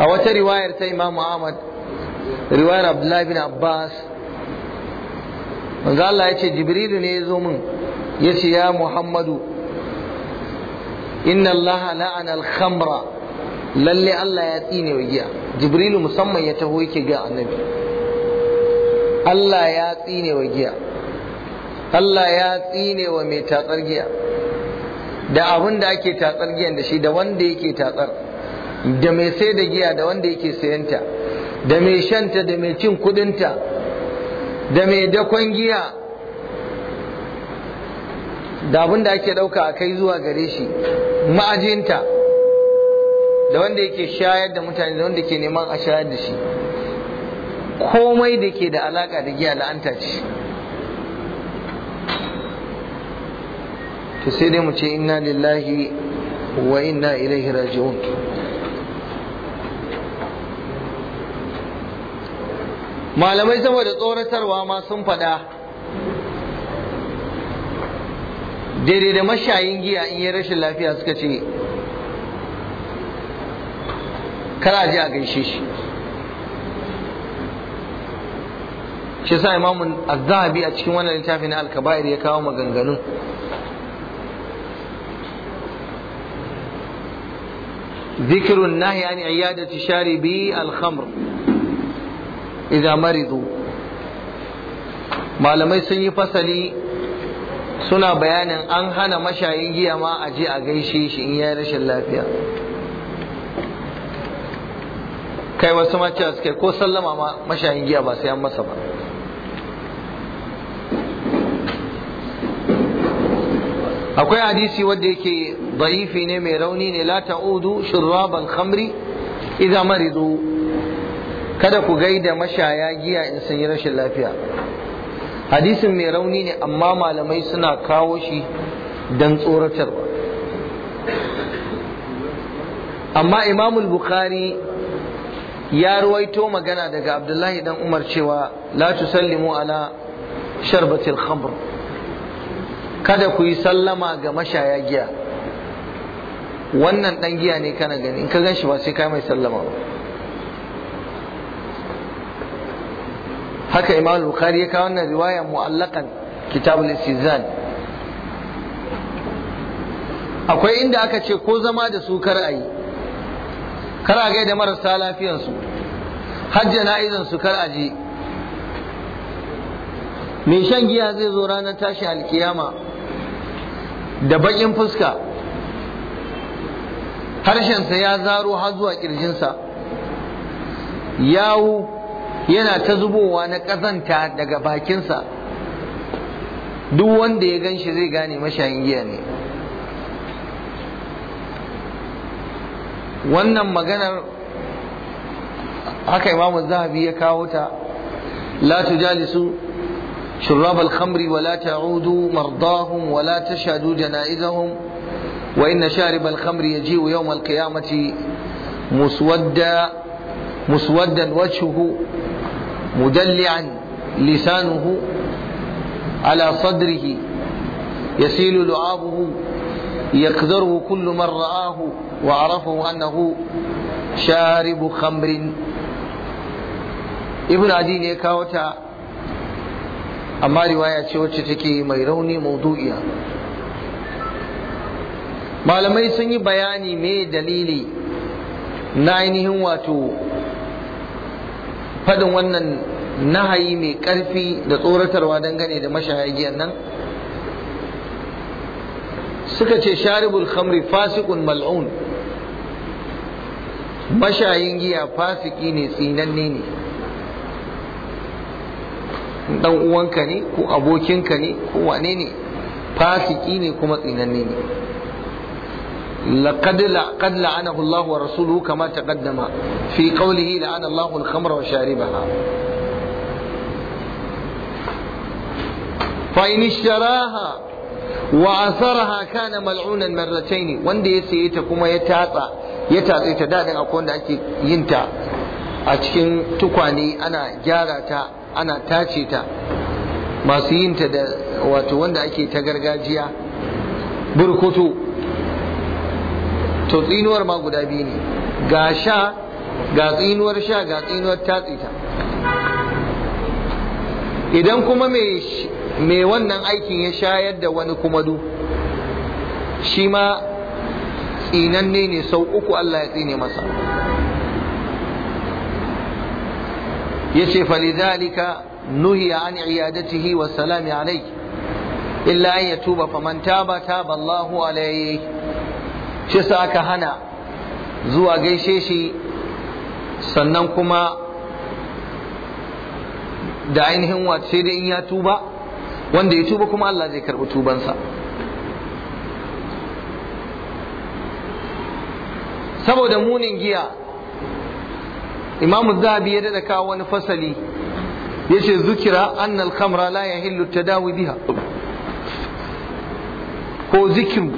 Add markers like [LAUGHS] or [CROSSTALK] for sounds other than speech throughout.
a wata riwayar ta Imam Ahmad riwayar Abdullahi bin Abbas manzo Allah ya ce Jibrilu ne ya zo min ya ce ya Muhammadu inna Allah la'ana al-khamra lalle Allah ya tsine wa giya Jibrilu musamman ya taho yake ga annabi Allah ya tsine wa giya Allah ya tsine wa mai tatsar giya da abin da ake tatsar giyan da shi da wanda yake tatsar da mai sai da giya da wanda yake sayanta da mai shanta da mai cin kudinta da mai dakon giya da abin da ake ɗauka a kai zuwa gare shi ma'ajinta da wanda yake shayar da mutane da wanda ke neman a shayar da shi komai da ke da alaka da giya la'anta ce to sai dai mu ce inna lillahi wa inna ilaihi raji'un malamai saboda tsoratarwa ma sun faɗa daidai da mashayin giya in yi rashin lafiya suka ce kara je a gaishe shi shi sa imamun azzahabi a cikin wannan littafi na alkaba'ir ya kawo maganganu ذكر النهي عن عيادة شاربي الخمر idza maridu malamai sun yi fasali suna bayanin an hana mashayin giya ma a je a gaishe shi in yi rashin lafiya kai wasu maciya suke ko sallama ma mashayin giya ba sai an masa ba akwai hadisi wanda yake da'ifi ne mai rauni ne lata udu shurrabal khamri idza kada ku gaida mashaya giya in sun yi rashin lafiya hadisin mai rauni ne amma malamai suna kawo shi don tsoratarwa amma imamul bukhari ya ruwaito magana daga abdullahi dan umar cewa la tusallimu ala sharbatil khamr kada ku yi sallama ga mashaya giya wannan dan giya ne kana gani in ka gan shi ba sai ka mai sallama ba haka imam bukhari ya kawo wannan riwaya mu'allakan kitabul istizan akwai inda aka ce ko zama da su kar a yi kar a gaida marasa lafiyansu hajja na'izan su kar a je mai shan giya zai zo ranar tashi alkiyama da bakin fuska harshensa ya zaro har zuwa kirjinsa yawu yana ta zubowa na ƙazanta daga bakinsa duk wanda ya gan shi zai gane mashayin giya ne wannan maganar haka imamu zahabi ya kawo ta la tujalisu shurrab al-khamri wa la ta'udu mardahum wa la tashhadu janaizahum wa inna sharib al-khamri yaji'u yawm al-qiyamati muswadda wacce wajhuhu مدلعا لسانه على صدره يسيل لعابه يقدره كل من رآه وعرفه أنه شارب خمر ibn adi ne kawo ta amma riwaya ce wacce take mai rauni maudu'iya malamai sun yi bayani me dalili na ainihin wato fadin wannan nahayi mai ƙarfi da tsoratarwa dangane da mashayagiyan nan suka ce sharibul khamri fasikun mal'un mashayin giya fasiki ne tsinanne ne dan uwanka ne ko abokinka ne ko wane ne fasiki ne kuma tsinanne ne لقد لقد لعنه الله ورسوله كما تقدم في قوله لعن الله الخمر وشاربها فإن اشتراها وعثرها كان ملعونا مرتين wanda ya saye ta kuma ya tatsa ya tatsa ta dadin akwai wanda ake yin a cikin tukwane ana gyara ta ana tace ta masu yin da wato wanda ake ta gargajiya burkutu to tsinuwar ma guda biyu ne ga sha ga tsinuwar sha ga tsinuwar tatsita idan kuma mai wannan aikin ya shayar da wani kuma du shi ma tsinanne ne sau uku Allah ya tsine masa ya ce falidhalika nuhiya an iyadatihi wa salami alai illa an ya tuba faman taba taba Allahu alaihi shi sa aka hana zuwa gaishe shi sannan kuma da ainihin wace da in ya tuba wanda ya tuba kuma Allah zai karɓi tubansa saboda munin giya imamu zabi ya daɗa kawo wani fasali ya ce zukira annal kamra la yahillu tadawi biha ko zikiru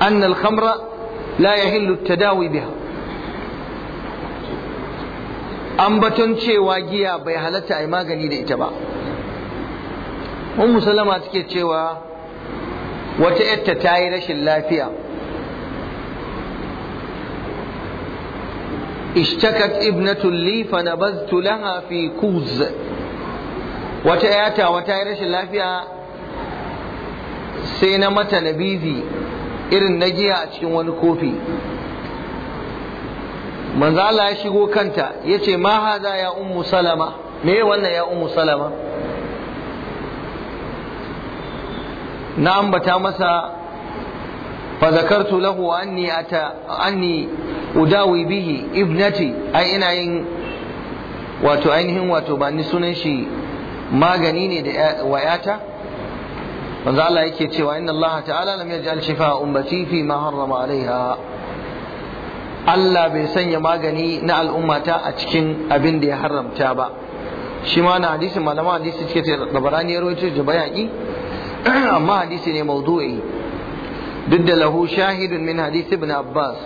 annal alkamra la yahillu tadawi biha ambaton cewa giya bai halarta a yi magani da ita ba ummu salama take cewa wata yatta ta yi rashin lafiya اشتكت ابنة لي فنبذت لها في كوز وتأتى وتأتى رشل لافيا نبيذي irin na giya a cikin wani kofi manzo ya shigo kanta yace ma hada ya ummu salama me wannan ya ummu salama na ambata masa fa zakartu lahu anni ata anni udawi bihi ibnati ai ina yin wato ainihin wato ba ni sunan shi magani ne da wa yata manzo Allah yake cewa inna Allah ta'ala lam yaj'al shifa ummati fi ma harrama alaiha Allah bai sanya magani na al'ummata a cikin abin da ya haramta ba shi ma na hadisin malama hadisi cike da dabarani ya rawaito da bayaki [CLEARS THROAT] amma hadisi ne maudu'i duk da lahu shahidun min hadisi ibn Abbas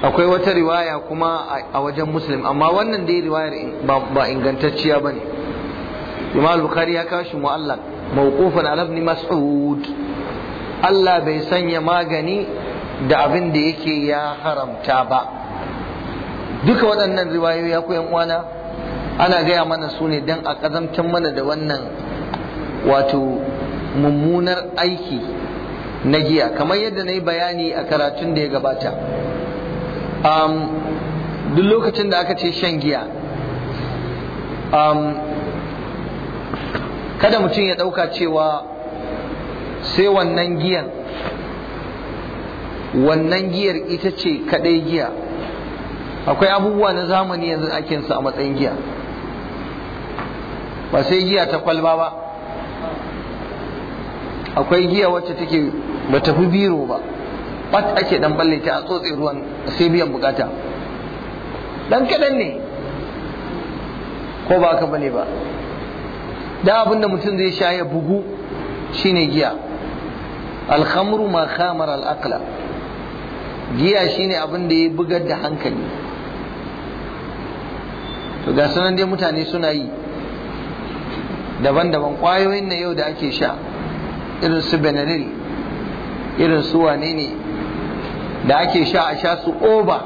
akwai wata riwaya kuma a wajen muslim amma wannan dai riwayar ba ingantacciya bane Imam Bukhari ya kawo shi mu'allaq mawqufun ala ibn mas'ud Allah bai sanya magani da abin da yake ya haramta ba duka waɗannan riwayoyi ya koyan uwana ana gaya mana su ne don a ƙazamtar mana da wannan wato mummunar aiki na giya kamar yadda na yi bayani a karatun da ya gabata duk lokacin da aka ce shan giya kada mutum ya ɗauka cewa sai wannan giyan wannan giyar ita ce kaɗai giya akwai abubuwa na zamani yanzu ake su a matsayin giya ba sai giya ta kwalba ba akwai giya wacce take ba tafi biro ba bat ake dan balle a tsotse ruwan sai biyan bukata dan kaɗan ne ko ba ka bane ba da abin da mutum zai sha ya bugu shine giya alhamru ma khamar al'aqla giya shine abin da ya bugar da hankali to ga sunan dai mutane suna yi daban-daban kwayoyin na yau da ake sha irin su benadryl irin su wane ne da ake sha a sha su oba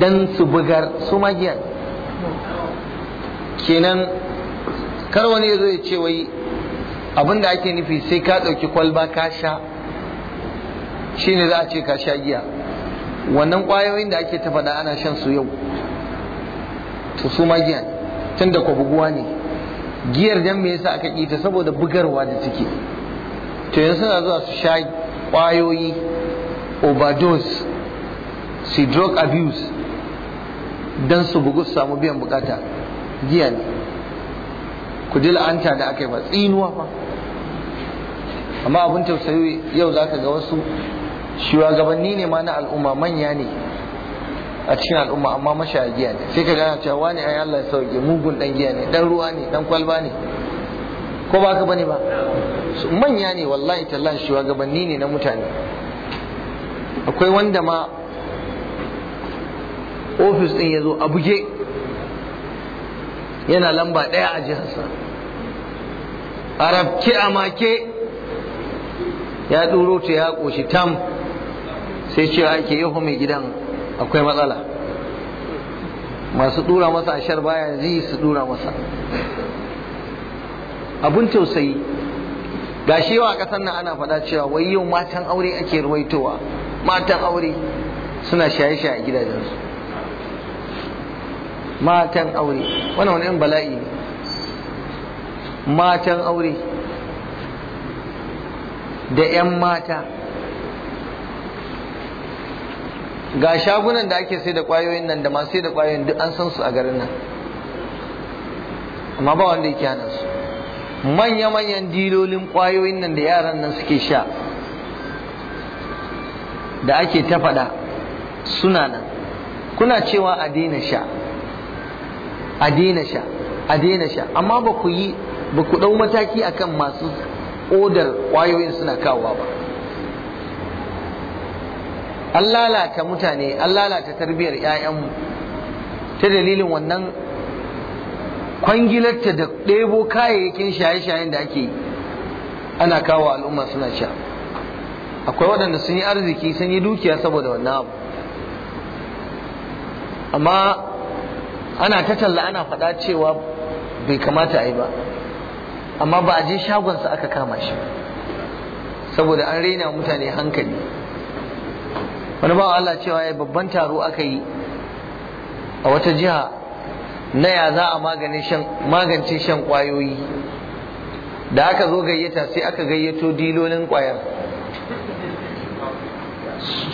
don su bugar su magiyar kenan kar wani ya zo ya ce wai abin da ake nufi sai ka ɗauki kwalba ka sha shine za a ce ka sha giya wannan ƙwayoyin da ake ta faɗa ana shan su yau to su ma giya tun da buguwa ne giyar dan me yasa aka ta saboda bugarwa da take to yanzu suna zuwa su sha kwayoyi overdose su drug abuse don su bugu su samu biyan bukata giya ne ku ji la'anta da aka yi ba tsinuwa ba amma abin tausayi yau za ka ga wasu shugabanni ne ma na al'umma manya ne a cikin al'umma amma mashaya giya ne sai ka gana cewa wani ayi Allah ya sauke mugun dan giya ne dan ruwa ne dan kwalba ne ko ba ka bane ba manya ne wallahi tallahi shugabanni ne na mutane akwai wanda ma ofis din ya zo a buge yana lamba ɗaya a jihar sa. a a make ya ɗuro ta ya ƙoshi tam sai ce ake yaho mai gidan akwai matsala masu ɗura masa a shar baya ji su ɗura masa abun tausayi ga shi yawa ƙasar nan ana faɗa cewa wai yau matan aure ake ruwaitowa matan aure suna shaye-shaye a gidajensu matan aure wannan wani yan bala'i ne matan aure da 'yan mata ga shagunan da ake sai da kwayoyin nan da masu sai da kwayoyin duk an san su a garin nan amma ba wanda yake hana su manya-manyan dilolin kwayoyin nan da yaran nan suke sha da ake ta faɗa suna nan kuna cewa a daina sha a daina sha a daina sha amma ba ku yi ba ku ɗau mataki akan masu odar ƙwayoyin suna kawowa ba an lalata mutane an lalata tarbiyyar 'ya'yanmu ta dalilin wannan kwangilarta da ɗebo kayayyakin shaye-shayen da ake ana kawo al'umma suna sha akwai waɗanda sun yi arziki sun yi dukiya saboda wannan abu amma ana ta talla ana faɗa cewa bai kamata a yi ba amma ba a je shagonsa aka kama shi saboda an raina mutane hankali wani ba Allah cewa ya babban taro aka yi a wata jiha na ya za a magance shan kwayoyi da aka zo gayyata sai aka gayyato dilolin kwayar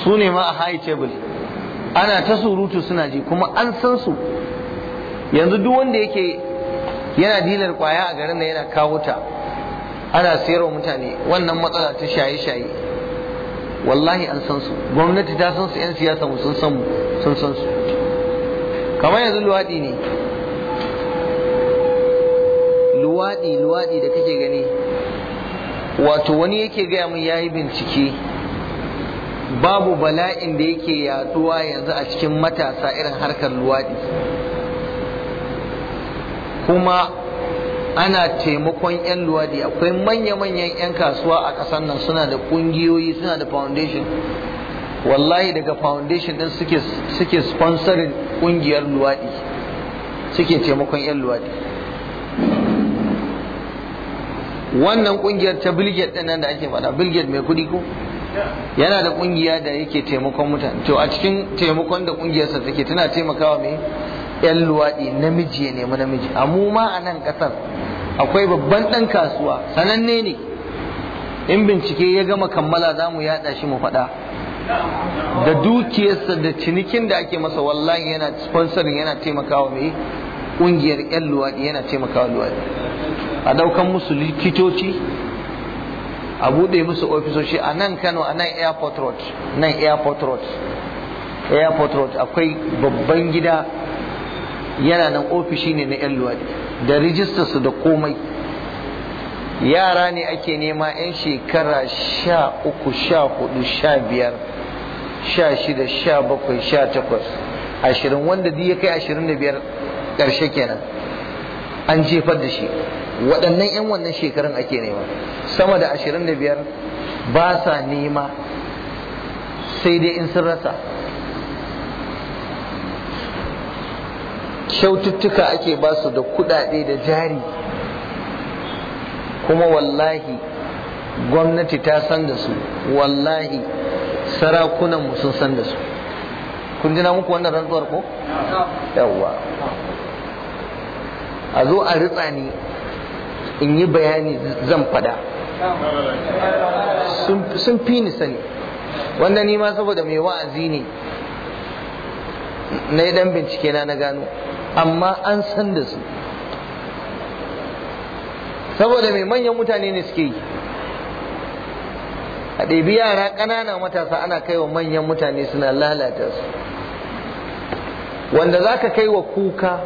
su ne ma a high table ana ta surutu suna ji kuma an san su yanzu duk wanda yake yana dilar kwaya a garin da yana kawo ta ana sayarwa mutane wannan matsala ta shaye-shaye wallahi an san su gwamnati ta san su 'yan siyasa mu sun san mu sun san su kamar yanzu luwaɗi ne luwaɗi luwaɗi da kake gani wato wani yake gaya min yayi bincike babu bala'in da yake yaduwa yanzu a cikin matasa irin harkar luwaɗi kuma ana taimakon 'yan luwadi akwai manya-manyan 'yan kasuwa a ƙasar nan suna da ƙungiyoyi suna da foundation wallahi daga foundation ɗin suke sponsorin ƙungiyar luwadi suke taimakon 'yan luwadi wannan ƙungiyar ta bilget ɗin nan da ake faɗa bilget mai kuɗi ko yana da ƙungiya da yake taimakon mutane to a cikin taimakon da ƙungiyarsa take tana taimakawa mai 'yan luwaɗi namiji ya nemi namiji a mu ma a nan ƙasar akwai babban ɗan kasuwa sananne ne in bincike ya gama kammala za mu yaɗa shi mu faɗa da dukiyarsa da cinikin da ake masa wallahi yana sponsorin yana taimakawa mai ƙungiyar 'yan luwaɗi yana taimakawa luwaɗi a ɗaukan musu likitoci a buɗe musu ofisoshi a nan kano a nan airport road nan airport road airport road akwai babban gida yana nan ofishi ne na 'yan luwaɗi da rijistar su da komai yara ne ake nema 'yan shekara sha uku sha hudu sha biyar sha shida sha bakwai sha takwas ashirin wanda duk ya kai ashirin da biyar ƙarshe kenan an jefar da shi waɗannan 'yan wannan shekarun ake nema sama da ashirin da biyar ba sa nema sai dai in sun rasa kyaututtuka ake ba su da kuɗaɗe da jari kuma wallahi gwamnati ta san da su wallahi sarakunan sun san da su kun jina muku wannan rantsuwar ko? yawwa a zo a ritsa ni in yi bayani zan fada sun fi ni sani wanda ni ma saboda mai wa'azi ne na yi dan bincike na na gano amma an san da su saboda mai manyan mutane ne suke yi a ɗabi yara ƙanana matasa ana kai wa manyan mutane suna lalata su wanda za ka kai wa kuka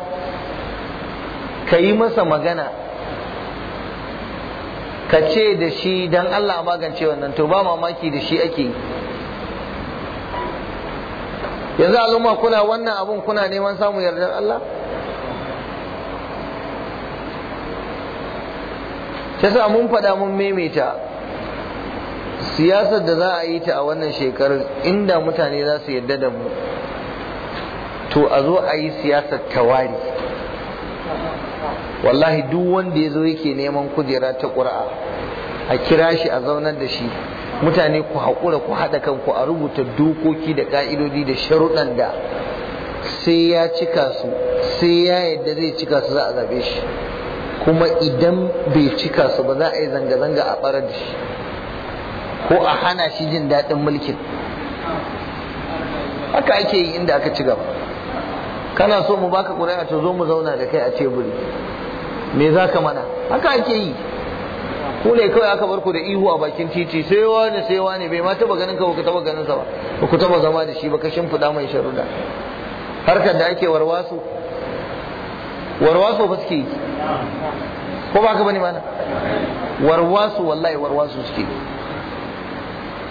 ka yi masa magana ka ce da shi don Allah magance wannan to ba mamaki da shi ake yi yanzu al'umma kuna wannan abun kuna neman samun yardar Allah sa mun faɗa mun maimaita siyasar da za a yi ta a wannan shekarar inda mutane za su yarda da mu to a zo a yi siyasar tawari wallahi duk wanda ya zo yake neman kujera ta ƙura'a a kira shi a zaunar da shi mutane ku haƙura ku haɗa kanku a rubuta dokoki da ƙa'idodi da sharuɗan da sai ya cika su sai ya yadda zai cika su za a zabe shi kuma idan bai cika su ba za a yi zanga-zanga a ɓarar da shi ko a hana shi jin daɗin mulkin haka ake yi inda aka ci gaba kana so mu baka ƙuri'a to zo mu zauna da kai a teburi me za ka mana haka ake yi ku ne kawai aka bar ku da ihu a bakin titi sai wani sai wani bai ma taba ganin ka ba taba ganin sa ba ba ku taba zama da shi ba ka shimfiɗa mai sharuda harkar da ake warwaso warwaso ba suke yi ko ba ka bani mana warwaso wallahi warwaso suke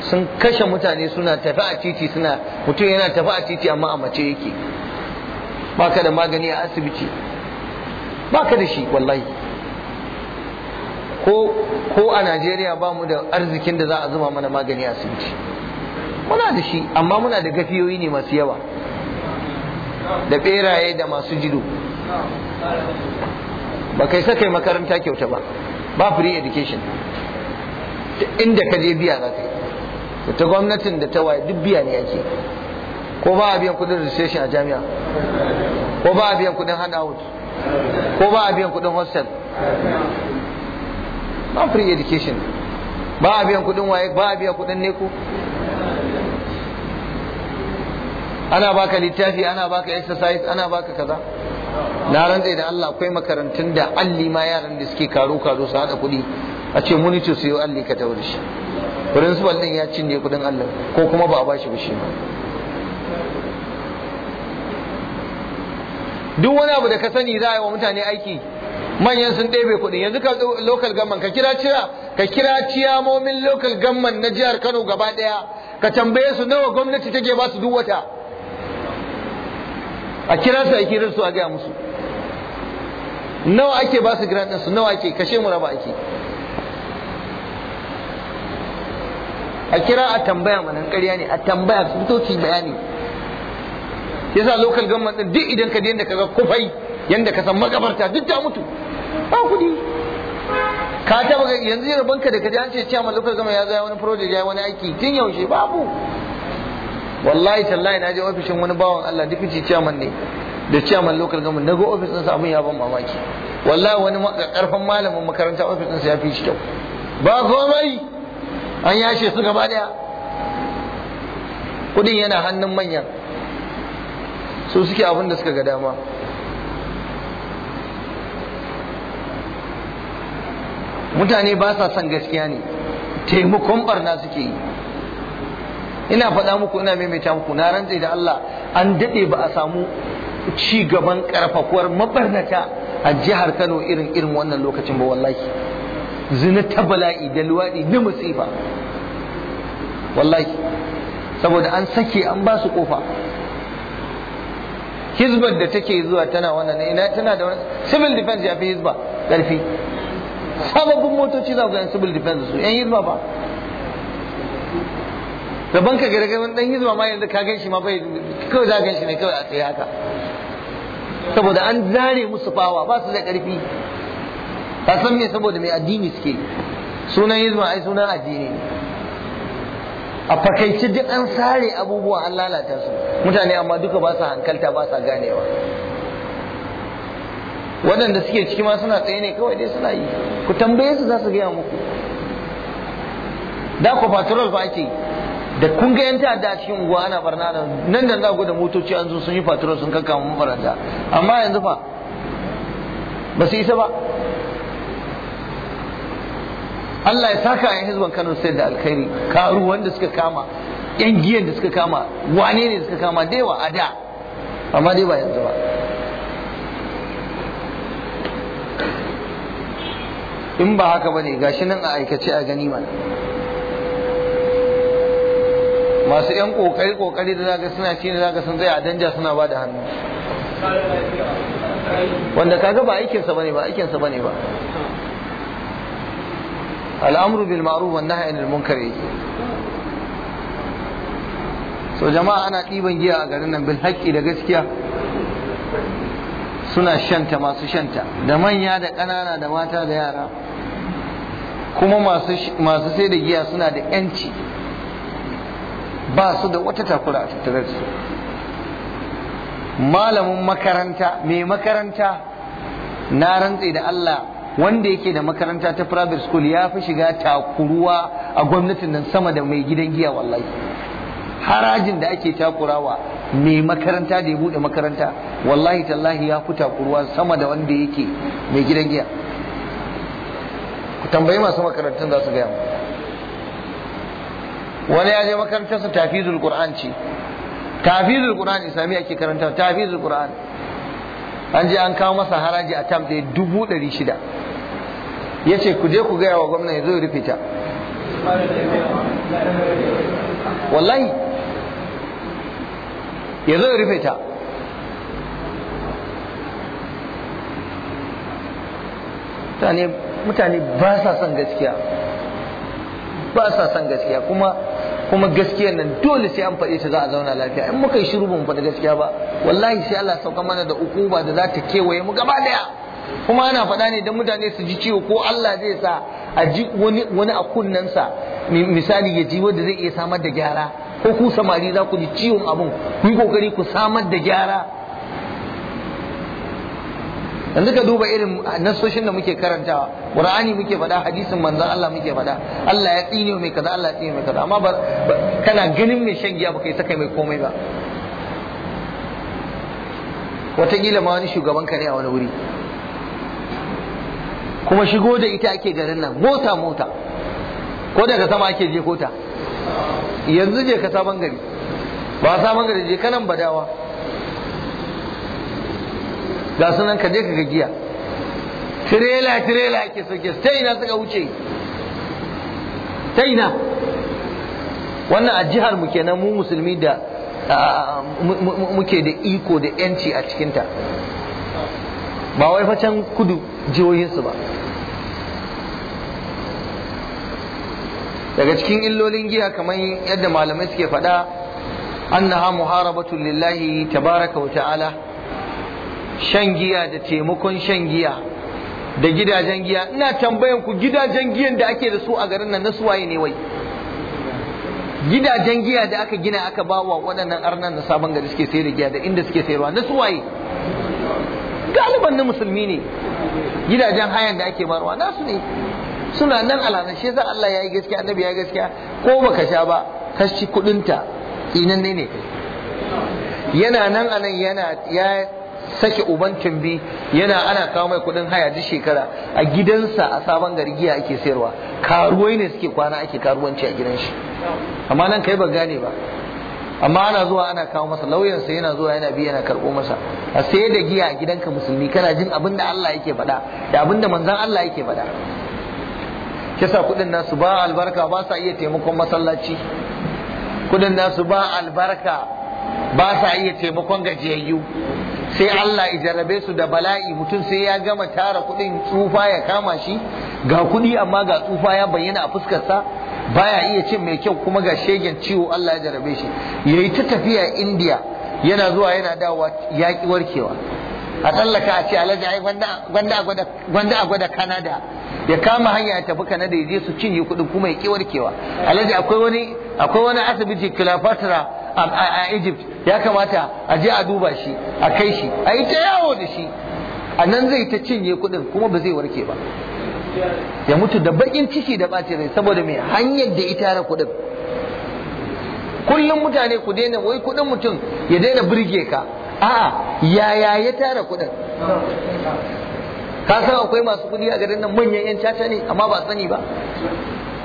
sun kashe mutane suna tafi a titi suna mutum yana tafi a titi amma a mace yake baka da magani a asibiti baka da shi wallahi ko a Najeriya ba mu da arzikin da za a zuma mana magani a asibiti muna da shi amma muna da gafiyoyi ne masu yawa da beraye da masu jido ba kai sakai makaranta kyauta ba ba free education inda ka je biya za ka yi ta gwamnatin da ta waye duk biya ne ake ko ba a biyan kudin registration a jami'a ko ba a biyan kudin handout ko ba a biyan kudin hostel ba free education ba a biyan kudin waye ba a biyan kudin neko ana baka littafi ana baka exercise ana baka kaza na rantse da Allah akwai makarantun da alli ma yaran da suke karo karo su hada kuɗi a ce monitor su yi alli ka tauri shi principal din ya cinye kuɗin Allah ko kuma ba a bashi ba shi ma duk wani abu da ka sani za a yi wa mutane aiki manyan sun ɗebe kuɗi yanzu ka local gamman ka kira cira ka kira ciyamomin local gamman na jihar Kano gaba ɗaya ka tambaye su nawa gwamnati take ba su duk wata a kira su a kirar su a gaya musu nawa ake ba su grant su nawa ake kashe mu raba ake a kira a tambaya mana ƙarya ne a tambaya su fito su bayani yasa local gamman din duk idan ka je da kaga kufai yanda ka san makabarta duk ta mutu ba kuɗi ka baka yanzu yi banka da kaji an ce cewa mallakar gama ya zaya wani project ya wani aiki tun yaushe babu wallahi tallahi na je ofishin wani bawan Allah deputy chairman ne da chairman local gama na ga ofis ɗinsa abin ya ban mamaki wallahi wani karfan malamin makaranta ofis ɗinsa ya fi shi kyau ba komai an yashe su gaba daya kudin yana hannun manyan su suke abin da suka ga dama mutane ba sa son gaskiya ne taimakon barna suke yi ina faɗa muku ina maimaita muku na rantse da Allah an daɗe ba a samu ci gaban karfafuwar mabarnata a jihar Kano irin irin wannan lokacin ba wallahi zina ta bala'i da luwaɗi na musifa wallahi saboda an sake an ba su kofa hizbar da take zuwa tana wannan ina tana da civil defense ya fi hizba ƙarfi sababbin motoci za ku yan civil defense su yan hizba ba da banka gare gare dan hizba ma yanzu ka gan shi ma bai kawai za gan shi ne kawai a tsaye haka saboda an zare musu fawa ba su da karfi ka san me saboda mai addini suke sunan hizba ai sunan addini ne a fakaice duk an sare abubuwa an lalata su mutane amma duka ba su hankalta ba su ganewa waɗanda suke ciki ma suna tsaye ne kawai dai suna yi ku tambaye su za su gaya muku da ku patrol ba ake da kun ga yan ta'adda a cikin unguwa ana barna da nan da za ku da motoci an zo sun yi patrol sun mu mafaranta amma yanzu fa ba su isa ba Allah ya saka a hizban Kano sai da alkhairi karu wanda suka kama yan giyan da suka kama wane ne suka kama da yawa a da amma dai ba yanzu ba in ba haka bane gashi nan a aikace a gani mana masu yan kokari kokari da zaga suna ci zaka zaga sun zai a danja suna ba da hannu wanda kaga ba aikinsa bane ba aikinsa bane ba al'amru bil ma'ruf wan nahyi anil munkar yake so jama'a ana ɗiban giya a garin nan bil haƙƙi da gaskiya suna shanta masu shanta da manya da ƙanana da mata da yara kuma masu sai da giya suna da yanci ba su da wata takura a tattare su malamin makaranta mai makaranta na rantse da Allah wanda yake da makaranta ta private school ya fi shiga takuruwa a gwamnatin nan sama da mai gidan giya wallahi harajin da ake takurawa mai makaranta da ya bude makaranta wallahi tallahi ya fita kurwa sama da wanda yake mai gidan giya ku tambayi masu makarantun za su gaya mu wani ya je makarantarsa tafizul qur'an ce tafizul qur'an islamiya ake karanta tafizul qur'an an je an kawo masa haraji a tam ɗaya dubu ɗari shida ya ce ku je ku gaya wa gwamna ya zo rufe ta wallahi zo ya rufe ta mutane ba sa son gaskiya ba sa son gaskiya kuma kuma gaskiyar nan dole sai an faɗi ta za a zauna lafiya in muka yi shiru ba mu faɗi gaskiya ba wallahi sai Allah sauka mana da uku ba da za ta kewaye mu gaba daya kuma ana faɗa ne don mutane su ji ciwo ko Allah zai sa a ji wani wani a misali ya ji wanda zai iya samar da gyara ko ku samari za ku ji ciwon abun ku yi kokari ku samar da gyara yanzu ka duba irin nasoshin da muke karantawa qur'ani muke faɗa hadisin manzon Allah muke faɗa Allah ya tsine mai kaza Allah ya tsine mai kaza amma kana ganin mai shan giya baka yi sakai mai komai ba wataƙila ma wani shugaban ka ne a wani wuri kuma shigo da ita ake garin nan mota mota ko daga sama ake je kota yanzu je ka sabon gari ba sabon gari je kanan badawa ga sunan ka je ka gajiya tirela tirela ake soke ta ina suka wuce ta ina wannan a jihar mu kenan mu musulmi da muke da iko da yanci a cikinta ba wai facen kudu jihohinsu ba daga cikin illolin giya kamar yadda malamai suke faɗa annaha muharabatun lillahi tabaraka wa ta'ala shan giya da taimakon shan giya da gidajen giya ina tambayan ku gidajen giyan da ake da su a garin nan na suwaye ne wai gidajen giya da aka gina aka ba wa waɗannan arnan na sabon gari suke sayar da giya da inda suke sayarwa na suwaye galiban na musulmi ne gidajen hayan da ake barwa nasu ne suna nan alhazan shi Allah ya yi gaskiya annabi ya yi gaskiya ko baka sha ba ka ci kudinta inan ne ne yana nan anan yana ya sake uban tumbi yana ana kawo mai kudin haya duk shekara a gidansa a sabon gari giya ake sayarwa karuwai ne suke kwana ake karuwanci a gidan shi amma nan kai ba gane ba amma ana zuwa ana kawo masa lauyan sa yana zuwa yana biya yana karbo masa a sai da giya a gidanka musulmi kana jin abin da Allah yake faɗa da abin da manzon Allah yake faɗa kisa kudin nasu ba albarka ba sa iya taimakon masallaci kudin nasu ba albarka ba sa iya taimakon gajiyayyu sai Allah ya jarabe su da bala'i mutum sai ya gama tara kudin tsufa ya kama shi ga kudi amma ga tsufa ya bayyana a fuskarsa baya iya cin mai kyau kuma ga shegen ciwo Allah ya jarabe shi yayi ta tafiya India yana zuwa yana dawowa yaƙi warkewa a tsallaka a ce alhaji ai gwanda a gwada Canada ya kama hanya ya tafi Canada ya je su cinye kuɗin kuma ya ƙi warkewa alhaji akwai wani akwai wani asibiti Cleopatra a Egypt ya kamata a je a duba shi a kai shi a yi ta yawo da shi a nan zai ta cinye kuɗin kuma ba zai warke ba ya mutu da bakin ciki da ɓacin rai saboda mai hanyar da ita na kuɗin kullum mutane ku daina wai kuɗin mutum ya daina birge ka a'a yaya ya tara kuɗin ka san akwai masu kuɗi a garin nan manyan yan caca ne amma ba sani ba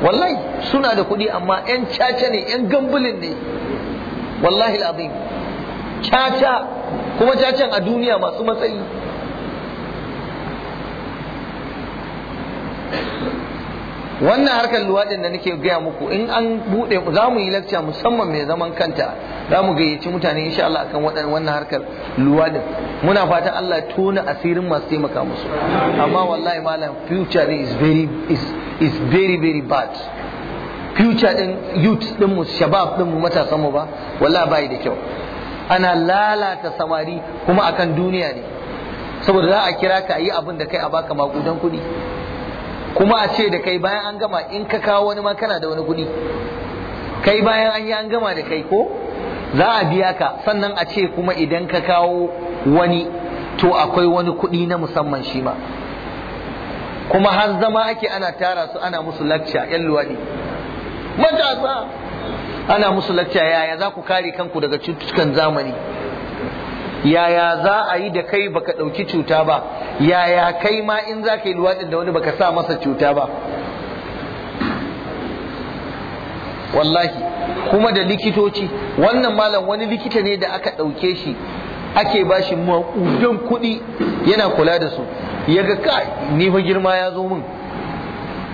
wallahi suna da kuɗi amma yan caca ne yan gambulin ne wallahi al'azim caca kuma cacan a duniya masu matsayi wannan harkar luwaɗin da nake gaya muku in an buɗe za mu yi lakca musamman mai zaman kanta za mu gayyaci mutane insha Allah akan wannan harkar luwaɗin muna fatan Allah tona asirin masu taimaka musu amma wallahi malam future is very is, is very very bad future ɗin youth din mu shabab din mu matasa mu ba wallahi bai da kyau ana lalata samari kuma akan duniya ne saboda za a kira ka yi abin da kai a baka makudan kuɗi kuma a ce da kai bayan an gama in ka kawo wani ma kana da wani kudi. kai bayan an yi an gama da kai ko za a biya ka sannan a ce kuma idan ka kawo wani to akwai wani kuɗi na musamman shi ma kuma har zama ake ana tara su ana musu lakca yan luwaɗi matasa ana musu lakca yaya za ku kare kanku daga cututtukan zamani yaya za a yi da kai baka ɗauki cuta ba yaya kai ma in za ka yi luwaɗin da wani baka sa masa cuta ba wallahi kuma da likitoci wannan malam wani likita ne da aka ɗauke shi ake ba shi maƙudan kuɗi yana kula da su ya ga ka ni fa girma ya zo min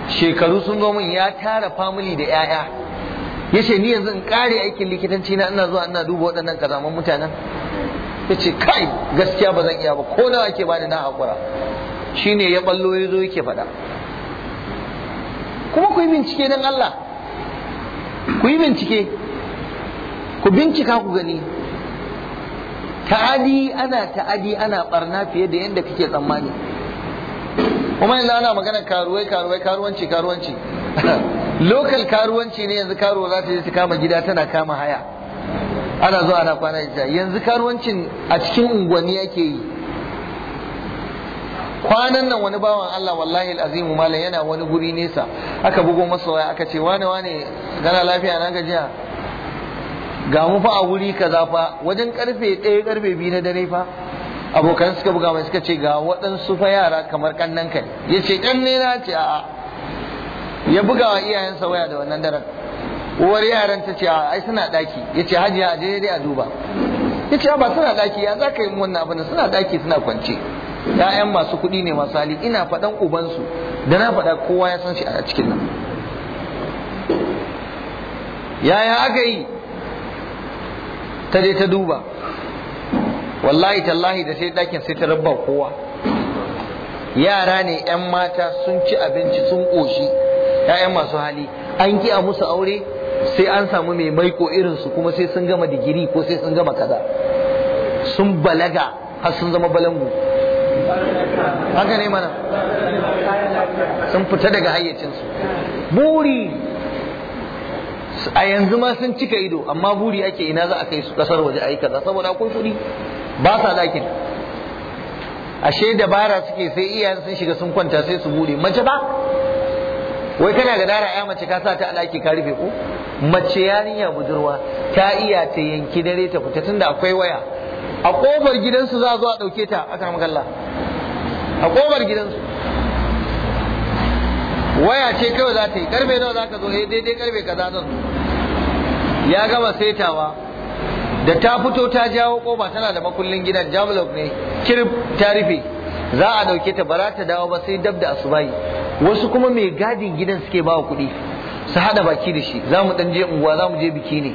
shekaru sun zo min ya tara famili da 'ya'ya ya ce ni yanzu in kare aikin likitanci na ina zuwa ina duba waɗannan kazaman mutanen ya ce kai gaskiya ba zan iya ba ko nawa ake bani na hakura shine ya ballo ya zo yake faɗa kuma ku yi bincike don Allah ku yi bincike ku bincika ku gani ta'adi ana ta'adi ana barna fiye da yadda kake tsammani kuma yanzu ana magana karuwai karuwai karuwanci karuwanci [LAUGHS] lokal karuwanci ne yanzu karuwa za ta je ta kama gida tana kama haya ana zuwa ana kwana ita yanzu karuwancin a cikin unguwanni ake yi kwanan nan wani bawan Allah wallahi al'azimu malam yana wani guri nesa aka bugo masa waya aka ce wane wane gana lafiya na gajiya ga mu fa a wuri kaza fa wajen karfe 1 karfe biyu na dare fa abokan suka buga mai suka ce ga wadansu fa yara kamar kannan kai yace ce ne na ce a'a ya buga wa iyayensa waya da wannan daren uwar yaran ta ce ai suna daki yace hajiya aje dai a duba yace ba suna daki ya za ka yi wannan abin suna daki suna kwance ya'yan masu kuɗi ne masu hali ina faɗan ubansu da na faɗa kowa ya san shi a cikin nan yaya aka yi ta je ta duba wallahi tallahi da sai dakin sai ta rabba kowa yara ne 'yan mata sun ci abinci sun ƙoshi 'ya'yan masu hali an ki a musu aure sai an samu mai maiko irinsu kuma sai sun gama digiri ko sai sun gama kaza sun balaga har sun zama balangu haka ne mana sun fita daga hayyacinsu buri a yanzu ma sun cika ido amma buri ake ina za a kai su kasar waje a yi kaza saboda akwai kuɗi ba sa lakin ashe dabara suke sai iyayen sun shiga sun kwanta sai su buri mace ba wai kana ga dara ya mace ka sa ta alaki ka rufe ko mace yarinya budurwa ta iya ta yanki dare ta fita tunda akwai waya a kofar gidansu za a zo a dauke ta a karamar kalla a kofar gidansu waya ce kawai za ta yi karfe nawa za ka zo eh daidai karfe kaza zan ya gama saitawa da ta fito ta jawo koba tana da makullin gidan jamlok ne kirib ta rufe za a dauke ta ba za ta dawo ba sai dab da asubai wasu kuma mai gadin gidan suke bawa kuɗi su hada baki da shi za mu dan je unguwa za mu je biki ne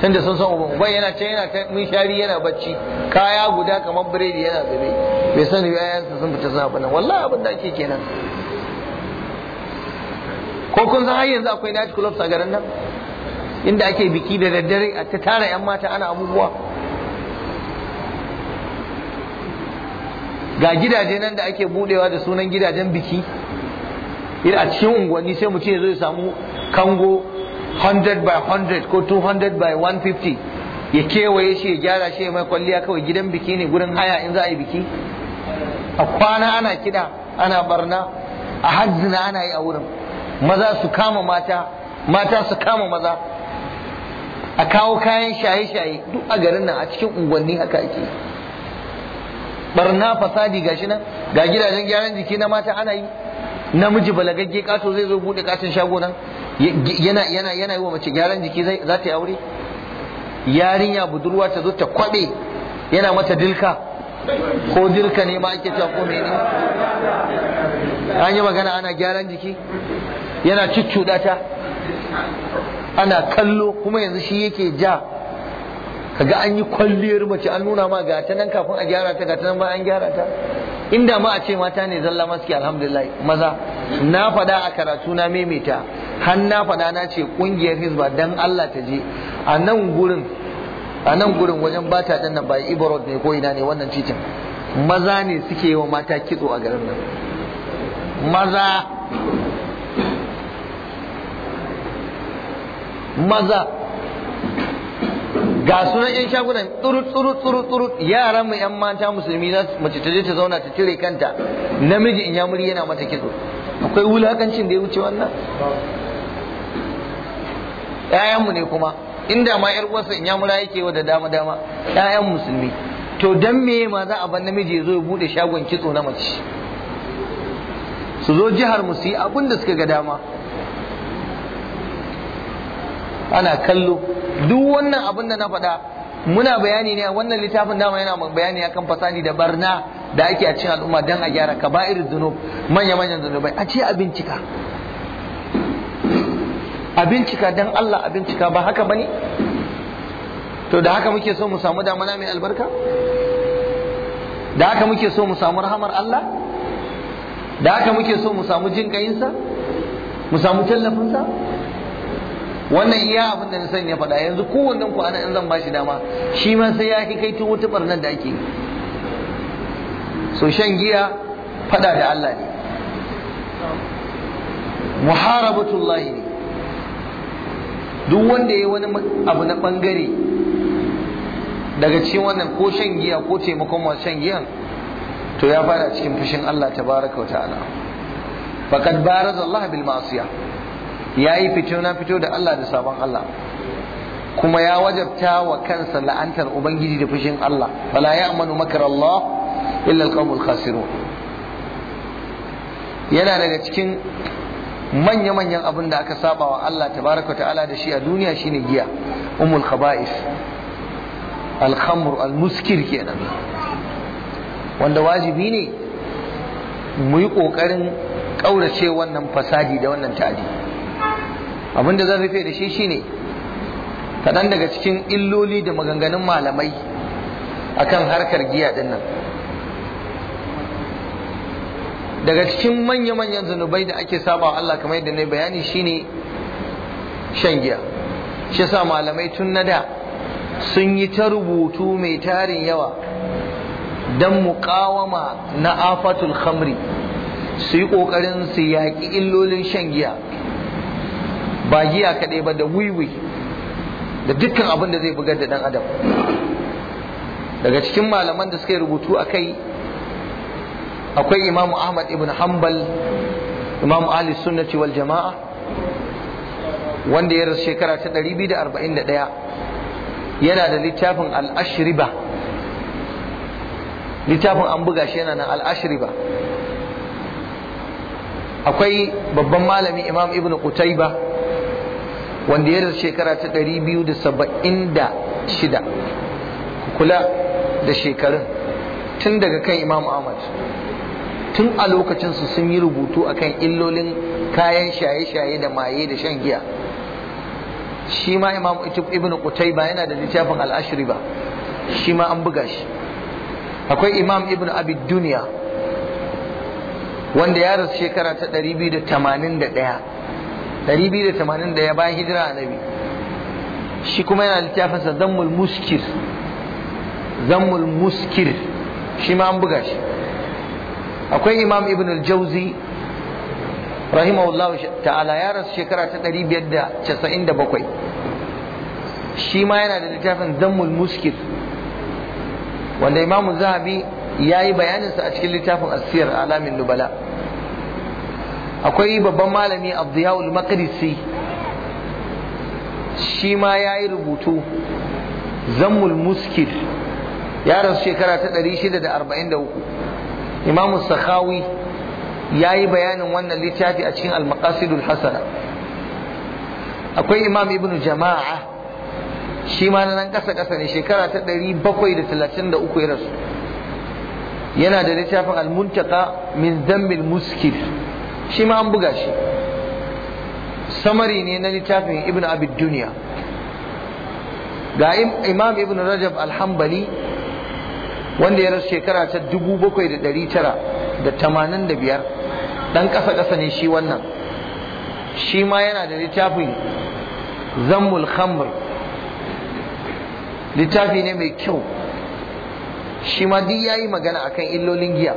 tunda sun san uban uban yana can yana ta shari yana bacci kaya guda kamar biredi yana zube bai sani sa sun fita suna bana wallahi abin da ake kenan ko kun san har yanzu akwai night clubs a garin nan inda ake biki da daddare a ta tara yan mata ana abubuwa ga gidaje nan da ake budewa da sunan gidajen biki a cikin unguwanni sai mutum ya zo ya samu kango 100 by 100 ko 200 by 150 ya kewaye shi ya gyara shi ya mai kwalliya kawai gidan biki ne gurin haya in za a yi biki a kwana ana kida ana barna a hajjina ana yi a wurin maza su kama mata mata su kama maza a kawo kayan shaye-shaye duk a garin nan a cikin unguwanni haka ake yi barna fasadi gashi nan ga gidajen gyaran jiki na mata ana yi namiji balagagge kato zai zo bude katin shago nan yana yana yana yi wa mace gyaran jiki za ta yi aure yarinya budurwa ta zo ta kwabe yana mata dilka ko dilka ne ma ake cewa ko mene an yi magana ana gyaran jiki yana cuccuda ta ana kallo kuma yanzu shi yake ja kaga an yi kwalliyar mace an nuna ma ga ta nan kafin a gyara ta ga ta nan ba an gyara ta inda ma a ce mata ne zalla maski alhamdulillah maza na faɗa a karatu na maimaita har na faɗa na ce ƙungiyar hizba dan Allah ta je a nan gurin a nan gurin wajen bata din nan bai ibrod ne ko ina ne wannan titin maza ne suke yi wa mata kitso a garin nan maza maza ga sunan yan shagunan tsuru tsuru tsuru yaran mu yan mata musulmi za su mace ta je ta zauna ta cire kanta namiji in yamuri yana mata kitso akwai wulakancin da ya wuce wannan ƴaƴan mu ne kuma inda ma yar uwarsa in yamura yake wa da dama dama ƴaƴan musulmi to dan me ma za a bar namiji ya zo ya bude shagon kitso na mace su zo jihar mu su yi abin da suka ga dama ana kallo duk wannan abin da na faɗa muna bayani ne wannan littafin dama yana bayani akan fasadi da barna da ake a cikin al'umma dan a gyara kaba'ir zunub manya manyan zunubai a ce a bincika a bincika dan Allah a bincika ba haka bane to da haka muke so mu samu damana mai albarka da haka muke so mu samu rahamar Allah da haka muke so mu samu jin kayinsa mu samu tallafinsa wannan iya abin da na sani ya faɗa yanzu kowannen ku ana in zan bashi dama shi ma sai ya kai kai tuwo tubar nan da ake so shan giya faɗa da Allah ne muharabatullahi ne duk wanda ya wani abu na bangare daga cikin wannan ko shan giya ko taimakon masu shan giyan to ya fara cikin fushin Allah Ta wa ta'ala faqad baraza Allah bil ma'siyah ya yi fito na fito da Allah da sabon Allah kuma ya wajabta wa kansa la'antar ubangiji da fushin Allah fala ya'manu makar Allah illa alqawmul khasirun yana daga cikin manya manyan abin da aka saba wa Allah tabaraka ta'ala da shi a duniya shine giya umul khaba'is al almuskir kenan wanda wajibi ne mu yi ƙoƙarin ƙaurace wannan fasadi da wannan ta'adi abin da zan rufe da shi shine kaɗan daga cikin illoli da maganganun malamai akan harkar giya ɗin nan daga cikin manya-manyan zunubai da ake saba Allah kamar yadda na bayani shine shan giya shi sa malamai tun na da sun yi ta rubutu mai tarin yawa don muƙawama na afatul khamri su yi ƙoƙarin su yaƙi illolin shan giya ba giya kaɗai ba da wiwi da dukkan abin da zai bugar da ɗan adam daga cikin malaman da suka yi rubutu a kai akwai imamu ahmad ibn hanbal imamu ali sunnati wal jama'a wanda ya rasu shekara ta 241 yana da littafin al'ashriba littafin an buga shi yana nan al'ashriba akwai babban malami imam ibn qutaiba wanda ya rasu shekara ta biyu da da saba'in shida kula da shekarun tun daga kan imam ahmad tun a lokacinsu sun yi rubutu akan illolin kayan shaye-shaye da maye da shan giya shi ma imam ibn ba yana da littafin al'ashiri ba shi ma an buga shi akwai imam ibn abid duniya wanda ya rasu shekara ta 281 281 bayan hijira annabi shi kuma yana littafin sa zammul muskir zammul muskir shi ma an buga shi akwai imam ibn al-jauzi rahimahullahu ta'ala ya rasu shekara ta 597 shi ma yana da littafin zammul muskir wanda imam zahabi ya yi bayaninsa a cikin littafin asiyar alamin nubala akwai babban malami abdiyawul maqdisi shi ma ya yi rubutu zammul muskir ya rasu shekara ta 643 imamu sakhawi ya yi bayanin wannan littafi a cikin almakasidul hasana akwai imam ibn jama'a shi ma na nan ƙasa ƙasa ne shekara ta 733 ya rasu yana da littafin almuntaka min zambil muskir shi ma an buga shi samari ne na littafin ibn abid duniya ga imam ibn rajab alhambali wanda ya rasu shekara ta biyar. dan ƙasa ƙasa ne shi wannan shi ma yana da littafin zammul khamr littafi ne mai kyau shi ma duk yi magana akan illolin giya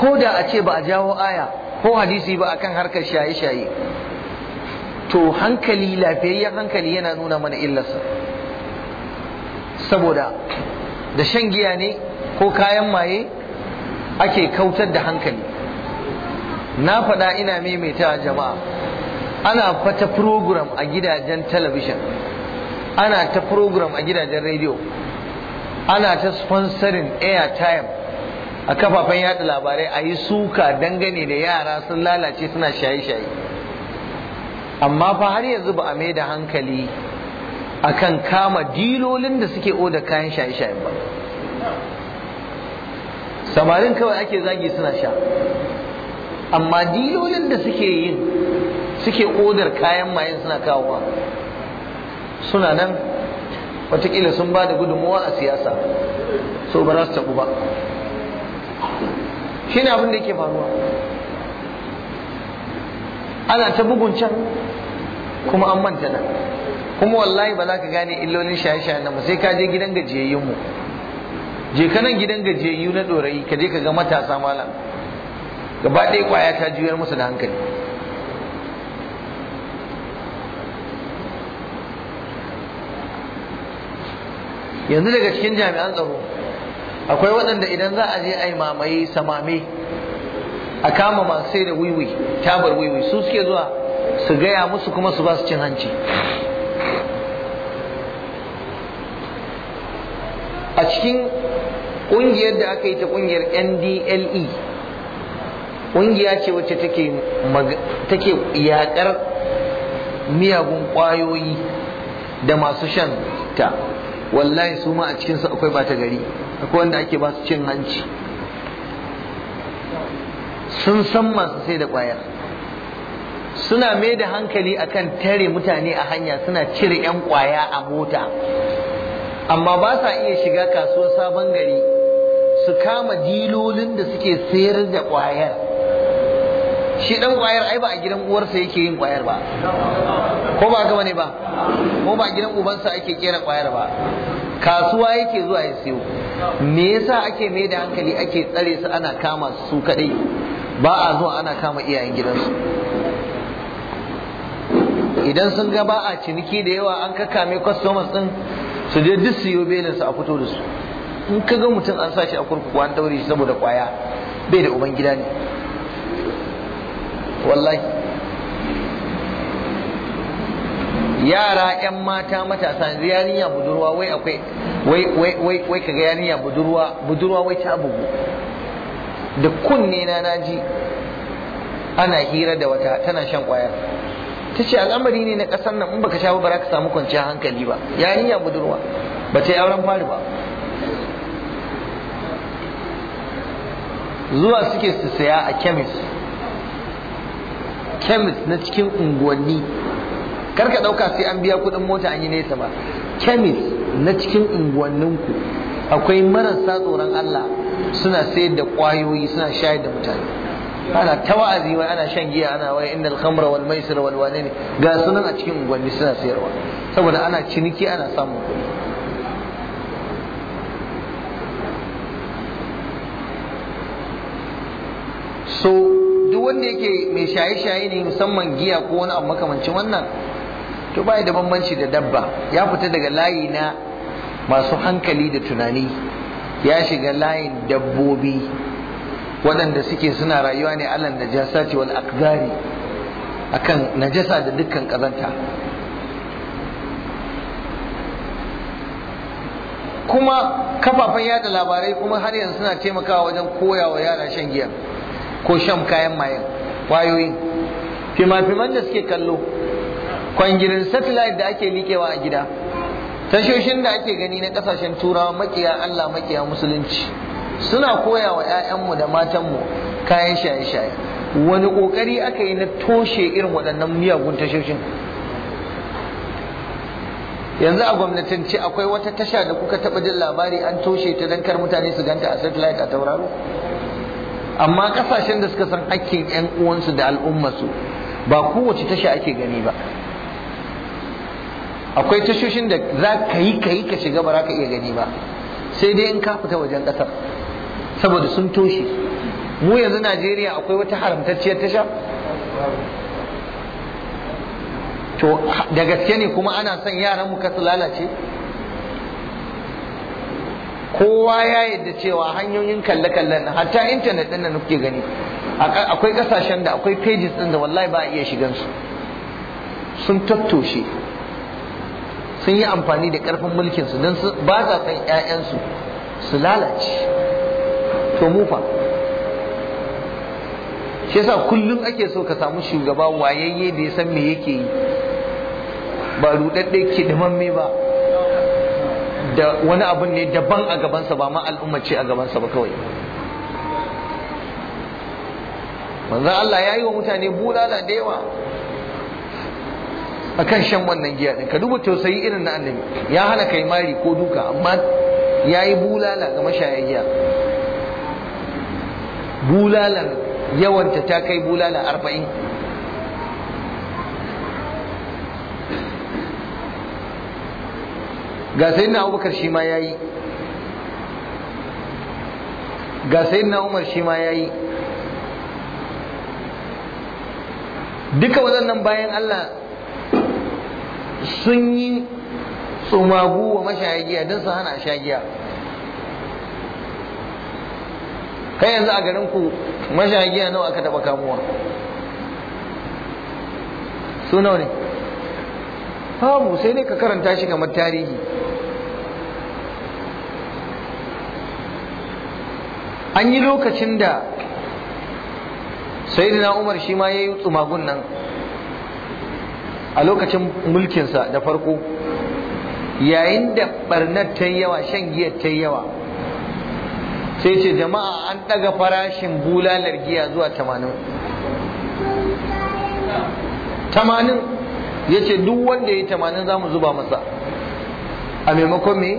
ko da a ce ba a jawo aya ko hadisi ba akan harkar shaye-shaye to hankali lafiyayyen hankali yana nuna mana illarsa saboda da shan giya ne ko kayan maye ake kautar da hankali na faɗa ina maimaita jama'a ana fata program a gidajen talabishin ana ta program a gidajen rediyo ana ta sponsorin airtime a kafafen yada labarai a yi suka dangane da yara sun lalace suna shaye-shaye amma fa har yanzu ba a mai da hankali a kan kama dilolin da suke oda kayan shaye-shaye ba samarin kawai ake zagi suna sha amma dilolin da suke yin suke odar kayan mayan suna kawowa suna nan watakila sun ba da gudunmuwa a siyasa so ba za su taɓu ba shine abin da yake faruwa ana ta bugun can kuma an manta nan kuma wallahi ba za ka gane illolin shaye-shayen nan ba sai ka je gidan gajiyayyun mu je ka nan gidan gajiyayyu na dorayi ka je ka ga matasa malam gaba ɗaya kwaya ta juyar musu da hankali yanzu daga cikin jami'an tsaro akwai waɗanda idan za a je a yi mamaye samame a kama masu sai da wiwi tabar wiwi su suke zuwa su gaya musu kuma su ba su cin hanci a cikin ƙungiyar da aka yi ta ƙungiyar ndle ƙungiya ce wacce take yaƙar miyagun ƙwayoyi da masu shan ta wallahi su ma a cikinsu akwai bata gari akwai wanda ake ba su cin hanci sun san masu sai da kwaya suna mai da hankali akan tare mutane a hanya suna cire 'yan kwaya a mota amma ba sa iya shiga kasuwar sabon gari su kama dilolin da suke sayar da kwayar shi dan kwayar ai ba a gidan uwarsa yake yin kwayar ba ko ba gaba ne ba ko ba gidan ubansa ake kera kwayar ba kasuwa yake zuwa ya siyo me yasa ake mai da hankali ake tsare su ana kama su kadai ba a zuwa ana kama iyayen gidansu idan sun ga ba a ciniki da yawa an kakkame customers din su je duk siyo su a fito da su in ka ga mutum an sa a kurkuku an daure shi saboda kwaya bai da uban gida ne wallahi yara yan mata matasa yanzu yarinya budurwa wai akwai wai wai wai wai kaga yarinya budurwa budurwa wai ta bugu da kunne na naji ana hira da wata tana shan kwaya ta ce al'amari ne na ƙasar nan in baka sha ba ba ka samu kwanciyar hankali ba yarinya budurwa ba ta yi auren fari ba zuwa suke su saya a kemis chemist na cikin unguwanni karka dauka sai an biya kudin mota an yi nesa ba chemist na cikin unguwanninku akwai marasa tsoron Allah suna sayar da kwayoyi suna shayar da mutane ana tawazi wai ana shan giya ana wai innal khamra wal maisir wal wanani ga sunan a cikin unguwanni suna sayarwa saboda ana ciniki ana samun kuɗi so wanda yake mai shaye-shaye ne musamman giya ko wani abu makamancin wannan to bai da bambanci da dabba ya fita daga layi na masu hankali da tunani ya shiga layin dabbobi waɗanda suke suna rayuwa ne alan najasati wal aqdari akan najasa da dukkan kazanta kuma kafafen yada labarai kuma har yanzu suna taimakawa wajen koya wa yara shan giya ko shan kayan mayan wayoyin fima-fiman da suke kallo kwangirin satellite da ake liƙewa a gida tashoshin da ake gani na kasashen turawa makiya Allah makiya musulunci suna koya wa 'ya'yanmu da matanmu kayan shaye-shaye wani ƙoƙari aka yi na toshe irin waɗannan miyagun tashoshin yanzu a gwamnatance akwai wata tasha da kuka taɓa jin labari an toshe ta don kar mutane su ganta a satellite a tauraro amma kasashen da suka san hakkin yan uwansu da su ba kowace tasha ake gani ba akwai tashoshin da za ka yi ka yi ka shiga ba ka iya gani ba sai dai in ka fita wajen ƙasar saboda sun toshe mu yanzu najeriya akwai wata haramtacciyar tasha to da gaske ne kuma ana son yaran mu kasu lalace kowa ya yadda cewa hanyoyin kalle-kallen nan hatta intanet ɗin da kuke gani akwai ƙasashen da akwai pages ɗin da wallahi ba a iya shigan su sun tattoshe sun yi amfani da ƙarfin mulkin su don ba sa san ƴaƴansu su lalace to mu fa shi yasa kullum ake so ka samu shugaba wayayye da ya san me yake yi ba rudadde ke da mamme ba da wani abun ne daban a gabansa ba ma al'umma ce a gabansa ba kawai manzon Allah ya yi wa mutane bulala da yawa akan shan wannan giya din ka duba tausayi irin na annabi ya hana kai mari ko duka amma ya yi bulala ga mashaya giya bulalan yawanta ta kai bulala arba'in ga na abubakar shi ma yayi ga na umar shi ma yayi duka waɗannan bayan Allah sun yi tsumagu wa mashayagiya don su hana shagiya kai yanzu a garin ku mashayagiya nawa aka taɓa kamuwa su nawa ne babu sai dai ka karanta shi kamar tarihi an yi lokacin da sayyidina umar shi ma ya yi tsumagun nan a lokacin mulkinsa da farko yayin da barnar ta yawa shan giyar ta yawa sai ce jama'a an ɗaga farashin bulalar giya zuwa tamanin tamanin ya ce duk wanda ya yi tamanin za mu zuba masa a maimakon me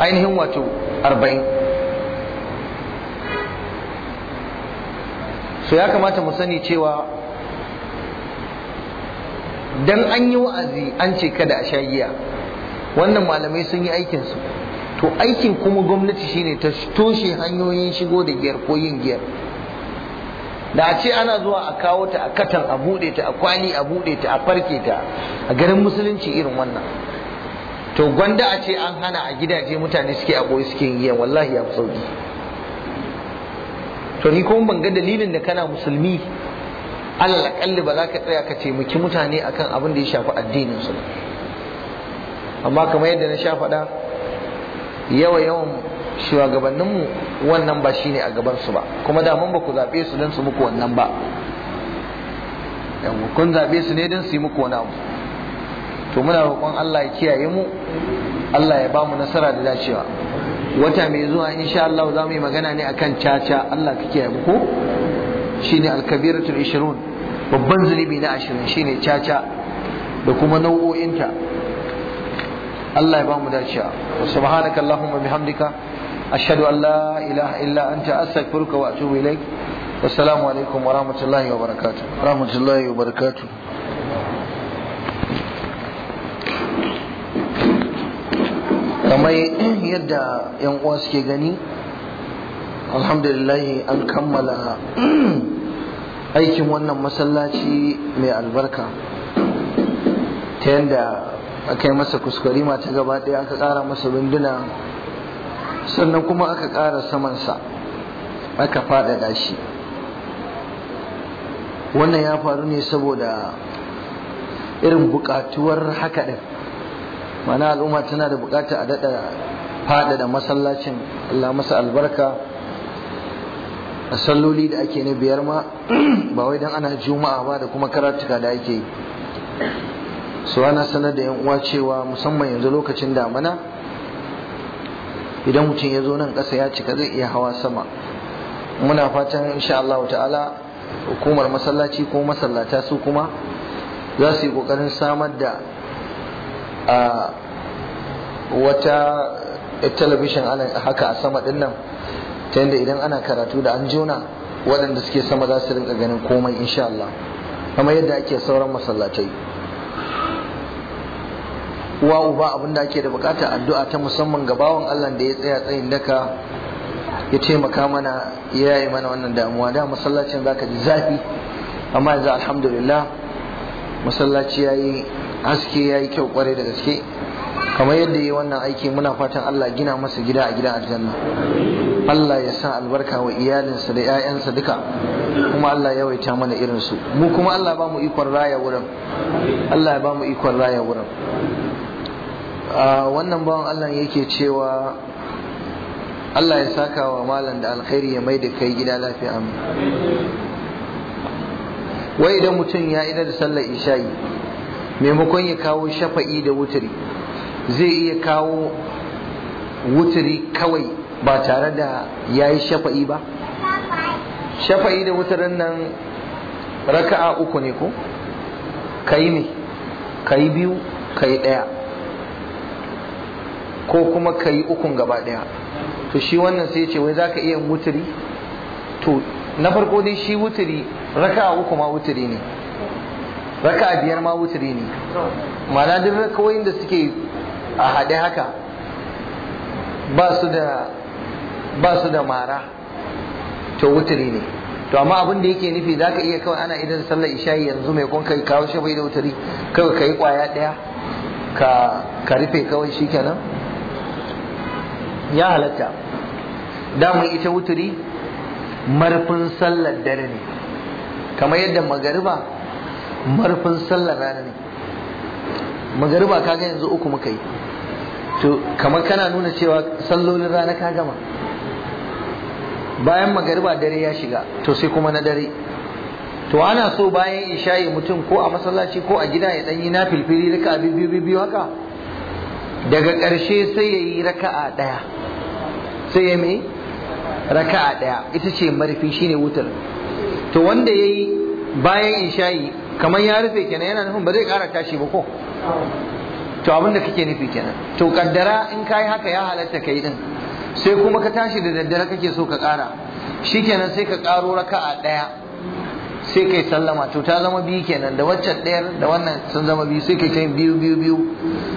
ainihin wato arba'in so ya kamata mu sani cewa dan an yi wa'azi an ce kada a sha giya wannan malamai sun yi aikinsu to aikin kuma gwamnati shine ta toshe hanyoyin shigo da giyar ko yin giyar da ce ana zuwa a kawo ta a katan a bude ta a kwani a bude ta a farke ta a garin musulunci irin wannan to gwanda a ce an hana a gidaje mutane suke a suke yi wallahi ya fi sauki to ni kuma ban ga dalilin da kana musulmi alal akalli ba za ka tsaya ka taimaki mutane akan abin da ya shafi addinin su amma kamar yadda na sha faɗa yawa yawan shugabanninmu wannan ba shine a gabansu ba kuma da mun ba ku zaɓe su don su muku wannan ba kun zaɓe su ne don su yi muku wani abu to muna roƙon Allah ya kiyaye mu Allah ya ba mu nasara da dacewa wata mai zuwa insha Allah za mu yi magana ne akan caca Allah ka kiyaye mu ko shine alkabiratul 20 babban zunubi na 20 shine caca da kuma nau'o'inta Allah ya ba mu dacewa subhanakallahumma bihamdika أشهد أن لا إله إلا أنت astaghfiruka wa atubu ilaik wassalamu alaikum wa rahmatullahi wa barakatuh rahmatullahi wa barakatuh yadda yan uwa suke gani alhamdulillah an kammala aikin wannan masallaci mai albarka ta yadda aka yi masa kuskure mata gaba ɗaya aka ƙara masa binduna sannan kuma aka ƙara sa, aka faɗaɗa shi wannan ya faru ne saboda irin buƙatuwar haka ɗin mana al'umma tana da buƙatar a daɗa faɗaɗa masallacin Allah masa albarka a salloli da ake na biyar ma ba wai don ana juma'a ba da kuma karatuka da ake yi su ana sanar da yan uwa cewa musamman yanzu lokacin damana idan mutum ya zo nan ƙasa ya cika zai iya hawa sama muna fatan insha Allah ta'ala hukumar masallaci ko masallata su kuma za su yi ƙoƙarin samar da wata talabishin haka a sama ɗin nan ta yadda idan ana karatu da an jona waɗanda suke sama za su rinka ganin komai insha Allah kamar yadda ake sauran masallatai uwa uba da ake da bukata addu'a ta musamman ga bawan Allah da ya tsaya tsayin daka ya taimaka mana ya yi mana wannan damuwa da masallacin zaka ji zafi amma yanzu alhamdulillah masallaci ya yi haske ya yi kyau kwarai da gaske kamar yadda yi wannan aiki muna fatan Allah gina masa gida a gidan aljanna Allah ya sa albarka wa iyalinsa da 'ya'yansa duka kuma Allah ya waita mana irinsu mu kuma Allah ba mu ikon raya Allah ya ba mu ikon raya wurin wannan bawan Allah yake cewa Allah ya saka wa malam da alkhairi ya mai da kai gida lafiya amin wai idan mutum ya idar da sallar isha'i maimakon ya kawo shafa'i da wuturi zai iya kawo wuturi kawai ba tare da ya yi shafa'i ba shafa'i da wuturin nan raka'a uku ne ko ka yi ne ka yi biyu ka yi ɗaya ko kuma ka yi ukun gaba ɗaya to shi wannan sai ce wai za ka iya wuturi to na farko dai shi wuturi raka a uku ma wuturi ne raka a biyar ma wuturi ne mana duk kawai da suke a haɗe haka ba su da mara to wuturi ne to amma abin da yake nufi za ka iya kawai ana idan sallar isha'i yanzu mai kun kai kawo shabai da wuturi kawai kai kwaya ɗaya ka rufe kawai shi kenan. ya halatta damar ita wuturi marfin sallar dare ne kamar yadda magariba marfin sallar rana ne magariba kaga yanzu uku muka yi to kamar kana nuna cewa sallolin rana ka gama bayan magariba dare ya shiga to sai kuma na dare to ana so bayan isha'i mutum ko a masallaci ko a gida ya danyi na filfili rika biyu biyu haka daga ƙarshe sai ya yi raka'a ɗaya sai ya mai raka'a ɗaya ita ce marfi shine wutar to wanda ya yi bayan isha'i kamar ya rufe kenan yana nufin ba zai ƙara tashi ba ko to abin da kake nufi kenan to kaddara in ka yi haka ya halatta ka yi din sai kuma ka tashi da daddare kake so ka ƙara shi kenan sai ka ƙaro raka'a ɗaya sai kai sallama to ta zama biyu kenan da waccan ɗayar da wannan sun zama biyu sai kai kai biyu biyu biyu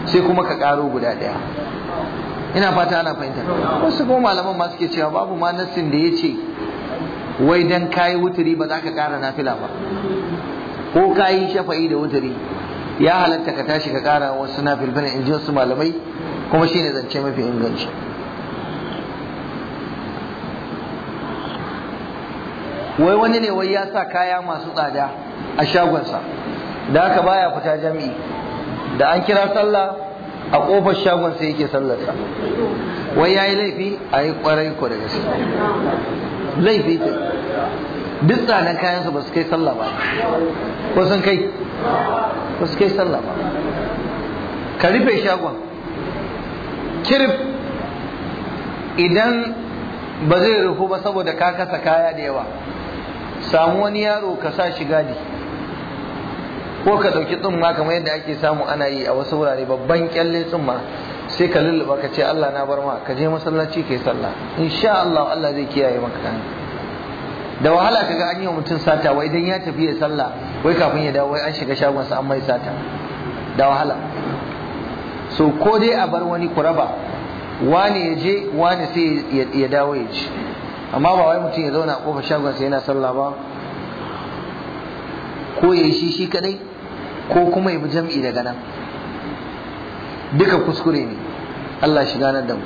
sai kuma ka ƙaro guda ɗaya ina fata ana fahimta wasu kuma malaman ma suke cewa babu ma nassin da ya ce wai dan kayi wuturi ba za ka ƙara nafila ba ko kayi shafa'i da wuturi ya halatta ka tashi ka ƙara wasu nafil bane in ji wasu malamai kuma shine zance mafi inganci wai wani ne wai ya sa kaya masu tsada a shagonsa da haka baya fita jami'i da an kira sallah a kofar shagonsa yake sallarsa wai ya yi laifi a yi kwarai ko da gaske laifi ce duk tsadan kayansa ba su kai sallah ba ko sun kai ba su kai sallah ba ka rufe shagon kirif idan ba zai rufu ba saboda ka kasa kaya da yawa samu wani yaro ka sa shi gadi ko ka ɗauki tsumma kamar yadda ake samu ana yi a wasu wurare babban kyalle tsumma sai ka lulluɓa ka ce Allah na bar ma ka je masallaci ka sallah insha Allah Allah zai kiyaye maka kan da wahala kaga an yi wa mutum sata wai idan ya tafi ya sallah wai kafin ya dawo wai an shiga shagon sa an mai sata da wahala so ko dai a bar wani kuraba wani ya je wani sai ya dawo ya ci amma ba wai mutum ya zauna a kofar shagon sai yana sallah ba ko ya shi shi kadai ko kuma ya bi jam'i daga nan duka kuskure ne Allah shi ganar da mu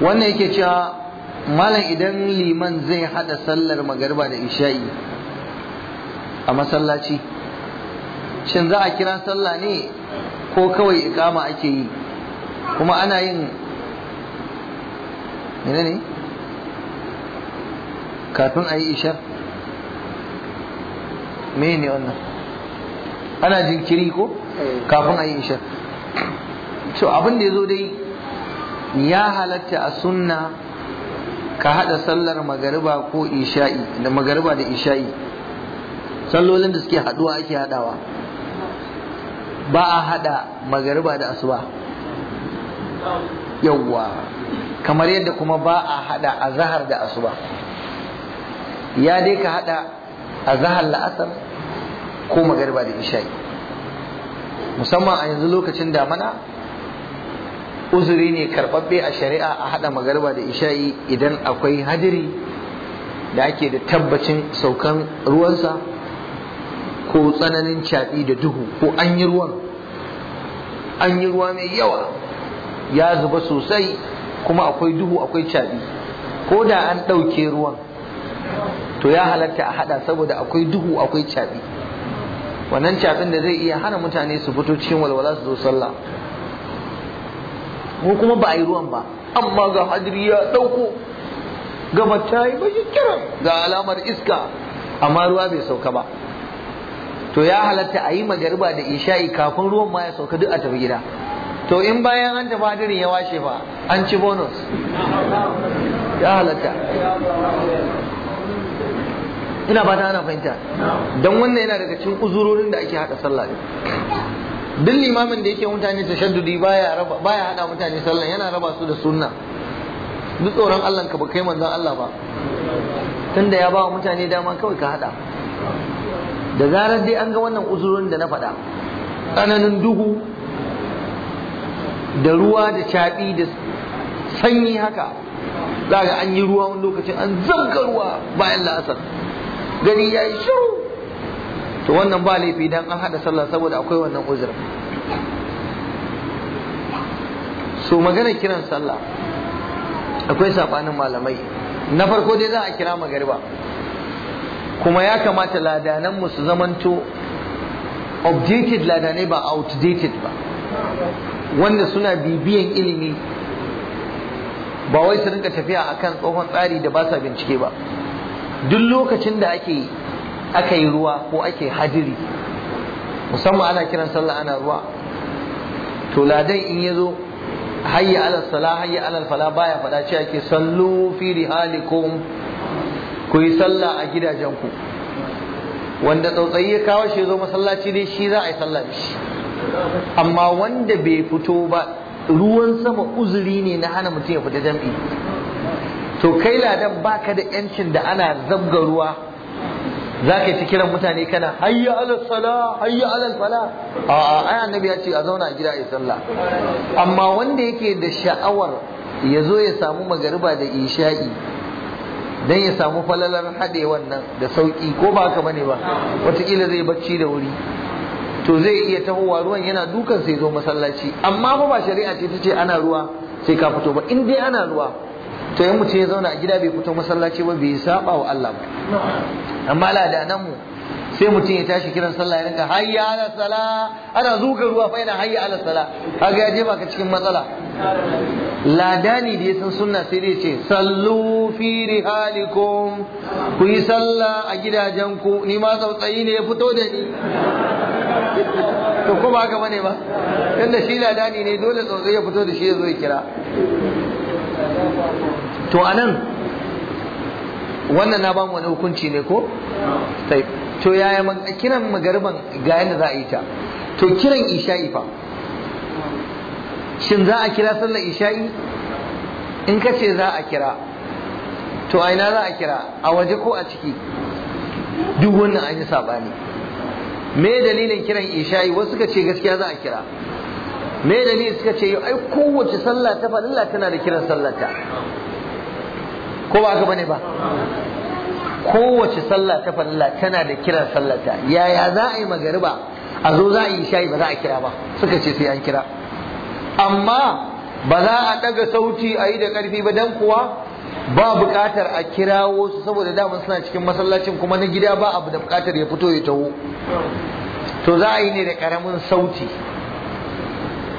wannan yake cewa malam idan liman zai hada sallar magarba da isha'i a masallaci shin za a kira sallah ne ko kawai ikama ake yi kuma ana yin mene ne kafin a yi ishar mene wannan ana jinkiri ko eh. kafin a yi ishar so abin da ya zo dai ya halatta a sunna ka hada sallar magariba ko isha'i da magariba da isha'i sallolin da suke haduwa ake hadawa ba a hada magariba da asuba yawwa kamar yadda kuma ba a hada azhar da asuba ya dai ka hada azhar la'asar ko magariba da isha musamman a yanzu lokacin damana uzuri ne karbabbe a shari'a a hada magariba da isha'i idan akwai hadiri da ake da tabbacin saukan ruwansa ko tsananin caɓi da duhu ko anyi ruwan an ruwa mai yawa ya zuba sosai kuma akwai duhu akwai caɓi ko da an ɗauke ruwan to ya halatta a haɗa saboda akwai duhu akwai caɓi wannan caɓin da zai iya hana mutane su fito cikin walwala su zo sallah mu kuma ba a yi ruwan ba amma ga hadiri ya ɗauko gaba ta yi bayan kiran ga alamar iska amma ruwa bai sauka ba to ya halatta a yi magariba da isha'i kafin ruwan ma ya sauka duk a tafi gida to in bayan an tafi hadirin ya washe ba an ci bonus ya halatta ina ba ta ana fahimta don wannan yana daga cikin uzurorin da ake haɗa sallah ne duk limamin da yake mutane tashaddudi baya raba baya hada mutane sallah yana raba su da sunna duk tsoron Allah ka ba kai manzon Allah ba tunda ya ba mutane dama kawai ka hada da zarar dai an ga wannan uzurorin da na faɗa tsananin duhu da ruwa da caɓi da sanyi haka za ga an yi ruwa wani lokacin an zanga ruwa bayan la'asar Gani ya yi shiru to wannan ba laifi dan an haɗa sallah saboda akwai wannan uzurin so magana kiran sallah akwai sabanin malamai na farko dai za a kira magariba kuma ya kamata mu su zamanto updated ladanai ba outdated ba wanda suna bibiyan ilimi ba wai su rinka tafiya a kan tsohon tsari da ba sa bincike ba duk lokacin da ake aka yi ruwa ko ake hadiri musamman ana kiran sallah ana ruwa to ladan in yazo zo hayya alal sala hayya alal fala baya fada ce ake sallu fi rihalikum ku yi sallah a gidajen ku?' wanda tsautsayi ya kawo shi zo masallaci ne shi za a yi sallah da shi amma wanda bai fito ba ruwan sama uzuri ne na hana mutum ya fita jam'i to kai ladan baka da yancin da ana zabga ruwa za ka yi kiran mutane kana hayya alal sala hayya alal fala a ai annabi ya ce a zauna a gida a yi sallah amma wanda yake da sha'awar ya zo ya samu magariba da isha'i dan ya samu falalar haɗe wannan da sauƙi ko ba ka bane ba wataƙila zai bacci da wuri to zai iya tahowa ruwan yana dukan sai zo masallaci amma fa ba shari'a ce tace ana ruwa sai ka fito ba in dai ana ruwa to yan mutum ya zauna a gida bai fito masallaci ba bai saba wa Allah ba amma nan mu sai mutum ya tashi kiran sallah ya rinka hayya ala sala ana zuka ruwa fa ina hayya ala sala kaga ya je ka cikin matsala ladani da ya san sunna sai dai ce sallu fi rihalikum ku yi sallah a gidajenku ni ma tsautsayi ne ya fito da ni to ko ba bane ba tunda shi ladani ne dole tsautsayi ya fito da shi ya zo ya kira to anan wannan na ba wani hukunci ne ko? to yaya kiran magariban ga yadda za a yi ta to kiran isha'i fa shin za a kira sallar isha'i in ka ce za a kira to a ina za a kira a waje ko a ciki duk wannan an yi ne. me dalilin kiran isha'i wasu ka ce gaskiya za a kira me dalilin suka ce ai kowace sallah ta falilla tana da kiran sallata ko ba haka bane ba kowace sallah ta farilla tana da kiran sallata yaya za a yi magariba a zo za a yi shayi ba za a kira ba suka ce sai an kira amma ba za a daga sauti a yi da karfi ba dan kuwa ba bukatar a kirawo su saboda dama suna cikin masallacin kuma na gida ba abu da bukatar ya fito ya taho to za a yi ne da karamin sauti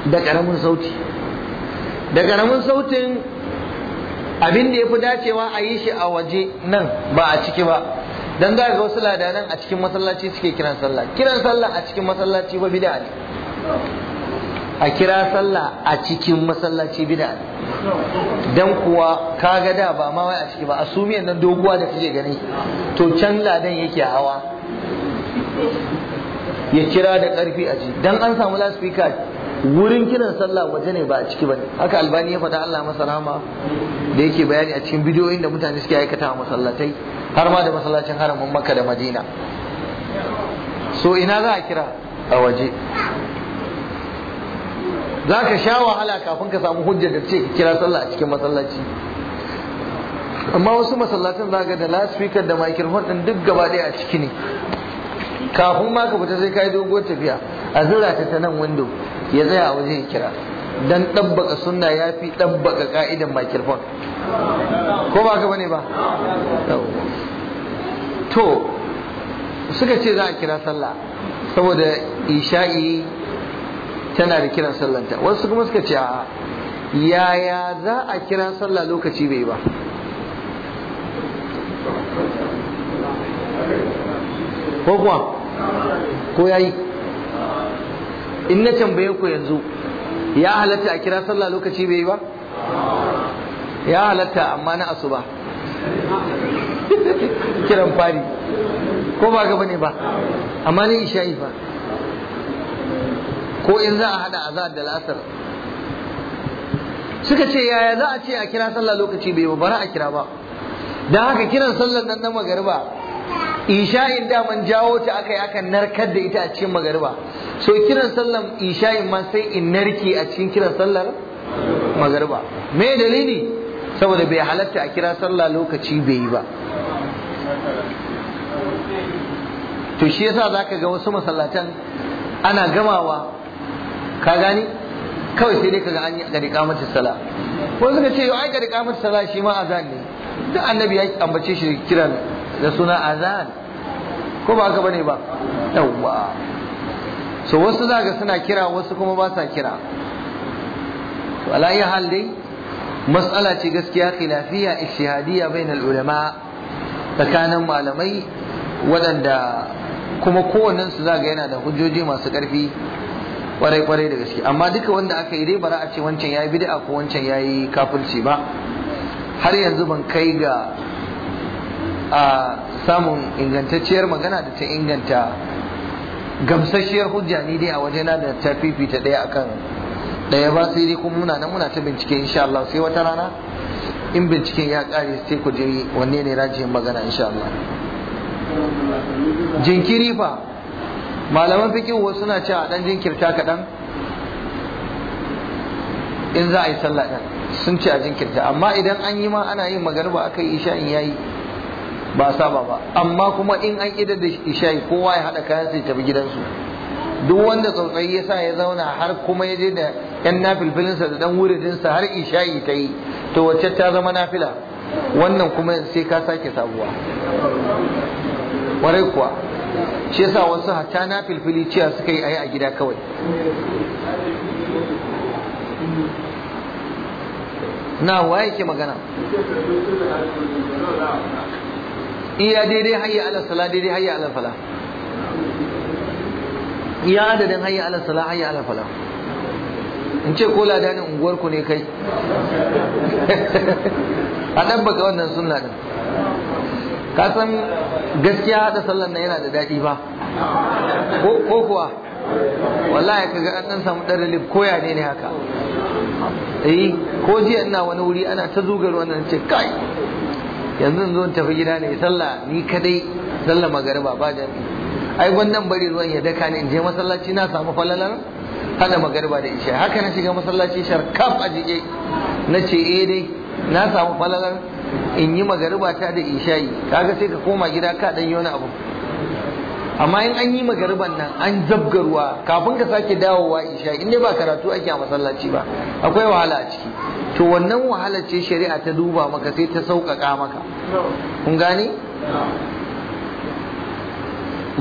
da karamin sauti da karamin sautin abin da ya fi dacewa a yi shi a waje nan ba a ciki ba dan za ga wasu ladanan a cikin masallaci suke kiran sallah kiran sallah a cikin masallaci ba bid'a ne a kira sallah a cikin masallaci bid'a ne dan kuwa kaga da ba ma wai a ciki ba a sumi nan doguwa da kake gani to can ladan yake hawa ya kira da karfi a ji dan an samu lasfika wurin kiran sallah waje ne ba a ciki bane haka albani ya faɗa Allah masa rahama da yake bayani a cikin bidiyoyin da mutane suke aikata a masallatai har ma da masallacin haramun Makka da Madina so ina za a kira a waje za ka sha wahala kafin ka samu hujjar da ce kira sallah a cikin masallaci amma wasu masallatan za ga da loudspeaker da microphone din duk gaba ɗaya a ciki ne kafin ma ka fita sai ka yi doguwar tafiya a zura ta ta nan window ya tsaya a waje ya kira dan ɗabbaka sunna ya fi ɗabbaka ka'idan microphone. ko ba ka bane ba to suka ce za a kira sallah saboda isha'i tana da kiran sallanta wasu kuma suka ce a yaya za a kira sallah lokaci bai ba ko kuwa ko yayi in na tambaye ku yanzu ya halatta a kira sallah lokaci bai yi ba ya halatta amma na asuba [LAUGHS] kiran fari ko ba ga bane ba amma ni isha'i fa ko in za a hada azan da lasar suka ce yaya za a ce a kira sallah lokaci bai ba bara a kira ba don haka kiran sallar nan na magariba isha'in man jawo ta aka yi aka narkar da ita a cikin magariba so kiran sallan isha'in ma sai in narke a cikin kiran sallar magariba me dalili saboda bai halatta a kira sallah lokaci bai yi ba to shi yasa zaka ga wasu masallatan ana gamawa ka gani kawai sai dai kaga an yi gari mata sala wanda suka ce ai gari kamatu sala shi ma azan ne duk annabi ya ambace shi kiran da suna azan ko ba haka bane ba yawwa so wasu za zaga suna kira wasu kuma ba sa kira to ala yi hal dai matsala ce gaskiya khilafiyya ishihadiyya bainal ulama tsakanin malamai waɗanda kuma kowannen su zaga yana da hujjoji masu ƙarfi kwarai kwarai da gaske amma duka wanda aka yi dai bara a ce wancan yayi bid'a ko wancan yayi kafirci ba har yanzu ban kai ga a samun ingantacciyar magana da ta inganta gamsasshiyar hujja ne dai a wajena da ta fifita ɗaya akan ɗaya ba sai dai kuma muna nan muna ta bincike insha Allah sai wata rana in binciken ya ƙare sai ku je wanne ne rajin magana insha Allah jinkiri fa malaman fikin wasu suna cewa dan jinkirta kaɗan in za a yi sallah ɗin sun ce a jinkirta amma idan an yi ma ana yin ba aka yi isha'in yayi ba saba ba amma kuma in an idar da isha'i kowa ya haɗa kayan sai tafi gidansu duk wanda tsautsayi ya sa ya zauna har kuma ya je da yan nafilfilinsa da dan wuridinsa har isha'i ta yi to wacce ta zama nafila wannan kuma sai ka sake sabuwa warai kuwa shi yasa wasu hatta nafilfili ciya suka yi ayi a gida kawai na waye ke magana iya daidai hayya ala sala daidai hayya ala fala iya adadin hayya ala sala hayya ala fala in ce ko ni unguwar ku ne kai [LAUGHS] a dan baka wannan sunna din ka san gaskiya hada sallan nan yana da daɗi ba ko kuwa wallahi ka ga an dan samu dan relief koya ne ne haka eh ko jiya ina wani wuri ana ta zugar wannan ce kai yanzu zo tafi gida ne sallah ni kadai sallah magariba ba jami'i ai gwandan bari ruwan ya daka ni in je masallaci na samu falalar hada magariba da isha haka na shiga masallaci sharkaf a jike na ce eh dai na samu falalar in yi magariba ta da yi kaga sai ka koma gida ka dan yi wani abu amma in an yi magariban nan an zabga ruwa kafin ka sake dawowa isha in dai ba karatu ake a masallaci ba akwai wahala a ciki to wannan wahalar ce shari'a ta duba maka sai ta sauƙaƙa maka kun gane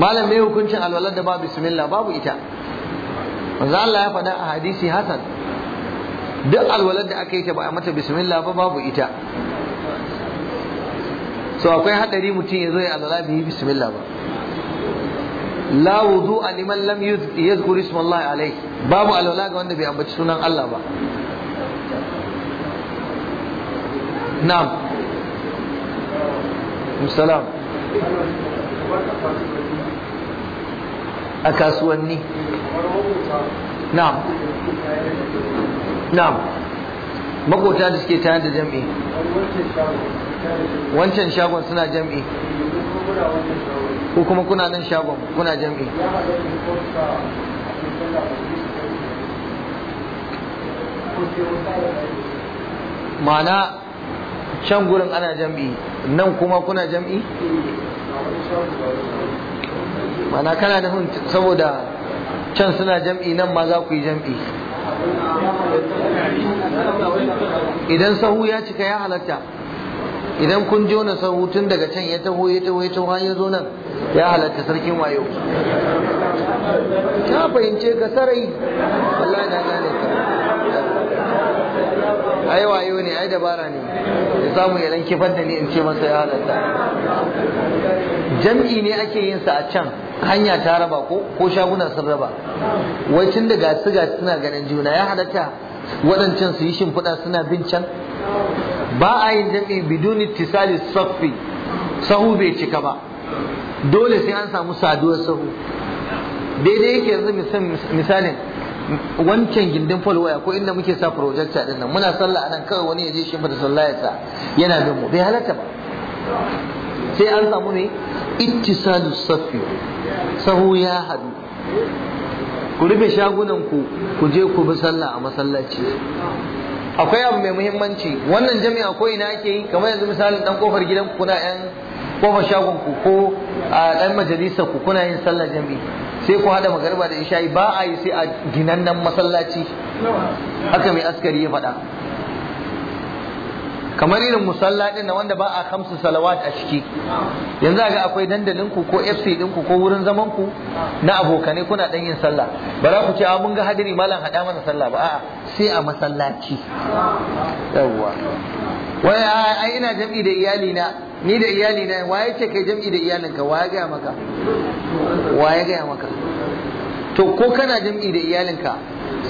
malam mai hukuncin alwalar da ba bismillah babu ita manzo Allah ya faɗa a hadisi hasan duk alwalar da aka yi ta ba a mata bismillah ba babu ita so akwai hadari mutum ya zo ya alwala bai yi bismillah ba la wudu a liman lam yadhkur ismallahi babu alwala ga wanda bai ambaci sunan Allah ba na'am musalam a kasuwanni na'am na'am makota da suke tayar da jam'i wancan shagon suna jam'i ko kuma kuna nan shagon kuna jam'i ma'ana can gurin ana jam'i nan kuma kuna jam'i ma'ana kana hun saboda can suna jam'i nan ma za ku yi jam'i idan sahu ya cika ya halatta idan kun ji wani sahu tun daga can ya taho ya taho ya taho ya zo nan ya halatta sarkin wayo ta fahimce ka sarai wallahi na gane ka ai wayo ne ai dabara ne ya samu ya dan kifar da ni in ce masa ya halatta jam'i ne ake yin sa a can hanya ta raba ko ko shaguna sun raba wai tun daga siga suna ganin juna ya halatta waɗancan su yi shimfiɗa suna bin can ba a yin jam'i biduni tisali saffi sahu bai cika ba dole sai an samu saduwar sahu daidai yake yanzu misalin wancan gindin falwaya ko inda muke sa projector ɗinnan, nan muna sallah anan kawai wani ya je shi da sallah ya sa yana bin mu bai halatta ba sai an samu ne ittisalu safi sahu ya hadu ku rufe shagunanku ku je ku bi sallah a masallaci akwai abu mai muhimmanci wannan jami'a ko ina ake yi kamar yanzu misalin dan kofar gidanku ku kuna yan kofar shagon ku ko a dan majalisar ku kuna yin sallah jami'i sai ku hada magariba da isha'i ba a yi sai a ginannan masallaci haka mai askari ya faɗa kamar irin musalla din na wanda ba a kamsu salawat a ciki yanzu ga akwai dandalin ku ko FC din ku ko wurin zaman ku na abokanai kuna dan yin sallah ba za ku ce a mun ga hadiri malam hada mana sallah ba a'a sai a masallaci yawwa wai ai ina jam'i da iyali na ni da iyali na waye ce kai jam'i da iyalinka waye ga maka waye ga maka to ko kana jam'i da iyalinka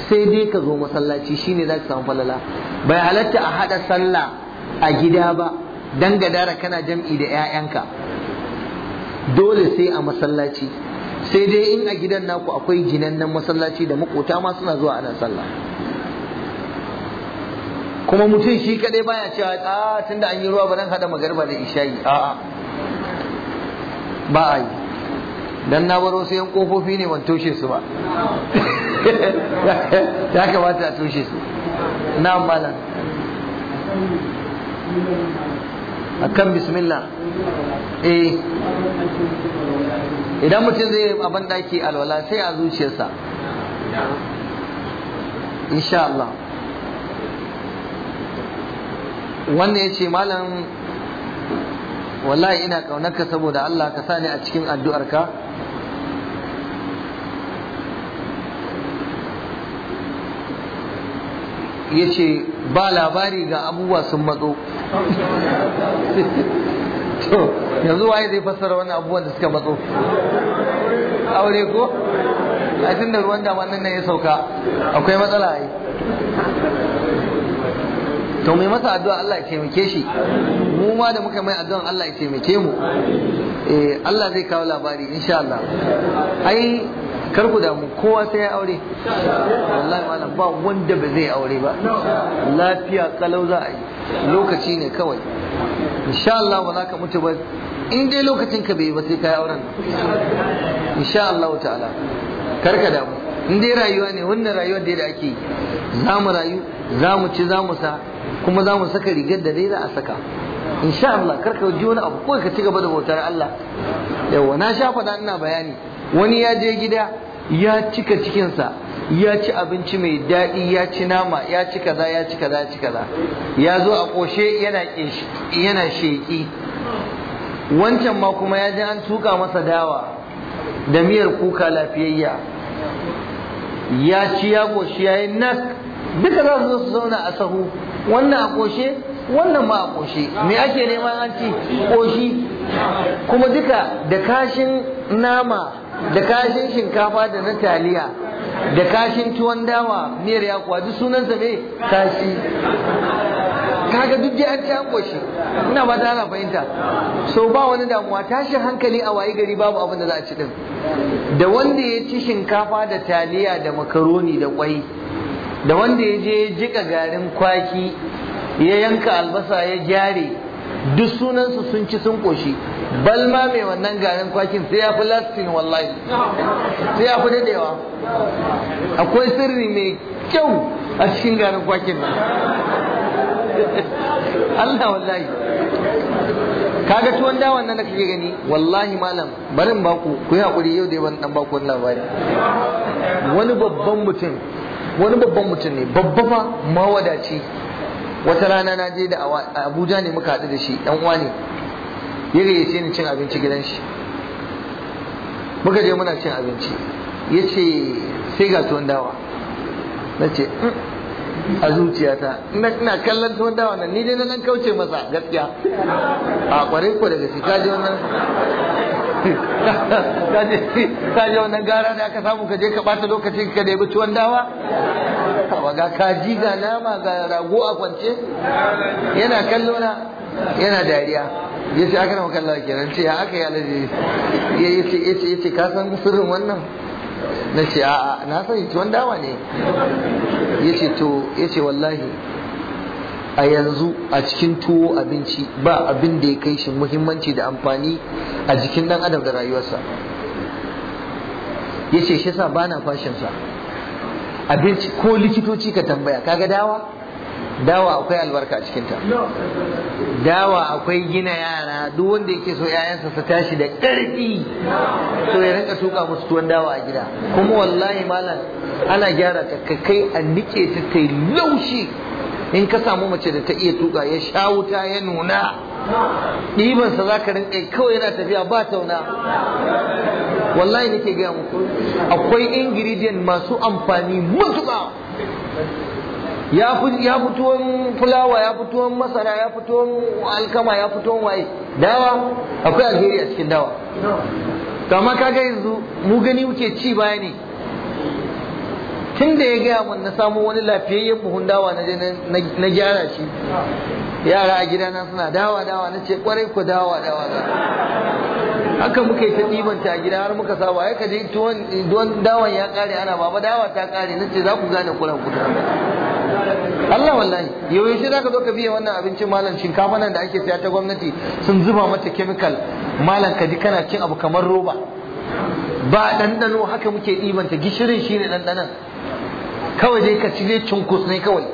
sai dai ka zo masallaci shine za ka samu falala bai halatta a hada sallah a gida ba don gadara kana jam'i da 'ya'yanka dole sai a masallaci sai dai in a gidan naku akwai jinannen masallaci da makota ma suna zuwa ana sallah kuma mutum shi kadai baya cewa a ah, tunda an yi ruwa ba hada magarba da isha'i a'a ba a yi don na baro sai yan kofofi ne ban toshe su ba [LAUGHS] ya kamata a toshe su na malam akan bismillah eh idan mutum zai a daki alwala sai a zuciyarsa insha Allah wannan ya ce malam wallahi ina kaunarka saboda Allah ka sani a cikin addu'arka ya ce ba labari ga abubuwa sun matso [LAUGHS] to yanzu waye zai fassara wannan abubuwan da suka matso aure ko a tun da ruwan da wannan nan ya sauka akwai matsala ai to mai masa addu'a Allah ya taimake shi mu ma da muka mai addu'a Allah ya taimake mu eh Allah zai kawo labari insha Allah ai kar ku damu kowa sai ya aure wallahi malam ba wanda ba zai aure ba lafiya kalau za a yi lokaci ne kawai insha Allah ba za ka mutu ba in dai lokacin ka bai ba sai kai auren insha Allah ta'ala kar ka damu in dai rayuwa ne wannan rayuwar da ake yi za mu rayu za mu ci za mu sa kuma za mu saka rigar da dai za a saka insha Allah kar ka ji wani abu ko ka ci gaba da bautar Allah yawa na sha faɗa ina bayani wani ya je gida ya cika cikinsa ya ci abinci mai daɗi ya ci nama ya ci kaza ya ci kaza ya ci kaza ya zo a ƙoshe yana sheƙi wancan ma kuma ya ji an tuka masa dawa da miyar kuka lafiyayya ya ci ya ƙoshe ya yi nak duka za su zo su zauna a sahu wannan a ƙoshe wannan ma a ƙoshe me ake neman an ci ƙoshi kuma duka da kashin nama da kashin shinkafa da na taliya da kashin tuwon dawa miyar yakuwa duk sunansa ne kashi kaga duk dai an ci an koshi ina ba ta fahimta so ba wani damuwa tashi hankali a wayi gari babu abin da za a ci din da wanda ya ci shinkafa da taliya da makaroni da kwai da wanda ya je jika garin kwaki ya yanka albasa ya gyare duk sunansu sun ci sun koshi bal ma mai wannan garin kwakin sai ya fi lastin wallahi sai ya fi dadewa akwai sirri mai kyau a cikin garin kwakin nan [LAUGHS] Allah wallahi kaga tuwon dawan nan da kake gani wallahi malam barin baku ku yi hakuri yau da yawan dan baku wannan labari wani babban mutum wani babban mutum ne babba ma mawadaci wata rana na je da abuja ne muka haɗu da shi ɗan uwa ne ya gayyace ni cin abinci gidan shi muka je muna cin abinci ya ce sai ga tuwon dawa na ce mm. a zuciyata ina kallon tuwon dawa nan ni dai na nan kauce masa gaskiya a kware ko daga shi ka je wannan [LAUGHS] ka ji wannan gara da aka samu ka je ka ɓata lokacin ka da tuwon dawa yankawa ga kaji ga nama ga rago a kwance yana kallo na yana dariya ya ce aka nama kallawa kenan ce ya aka yi alaji ya ce ya ce ya ce ka san sirrin wannan na ce a'a na ce tuwon dawa ne ya ce to ya ce wallahi a yanzu a cikin tuwo abinci ba abin da ya kai shi muhimmanci da amfani a jikin dan adam da rayuwarsa ya ce shi sa ba na fashinsa abinci ko likitoci ka tambaya kaga dawa dawa akwai albarka a cikinta dawa akwai gina yara duk wanda yake so yayansa su tashi da ƙarfi so ya rinka tuka musu tuwon dawa a gida kuma wallahi malam ana gyara ta kai a nike ta ta laushi in ka samu mace da ta iya tuka ya sha wuta ya nuna ɗibansa za ka rinƙa kawai yana tafiya ba tauna wallahi nake gaya muku akwai ingredient masu amfani matuƙa ya fito fulawa ya fito masara ya fito alkama ya fito waye dawa akwai alheri a cikin dawa to amma kaga yanzu mu gani wuce ci baya ne tun da ya gaya mun na samu wani lafiyayyen buhun dawa na je na gyara shi yara a gidana suna dawa dawa na ce kwarai ku dawa dawa haka muka yi ta ɗibanta a gida har muka saba ya kaje tuwon dawan ya kare ana baba dawa ta kare na ce za ku gane kuran ku Allah wallahi yaushe za ka zo ka biya wannan abincin malam shinkafa nan da ake siya ta gwamnati sun zuba mata kemikal malam ka ji kana cin abu kamar roba ba ɗanɗano haka muke ɗibanta gishirin shi ne ɗanɗanon kawai dai ka ci dai cunkus ne kawai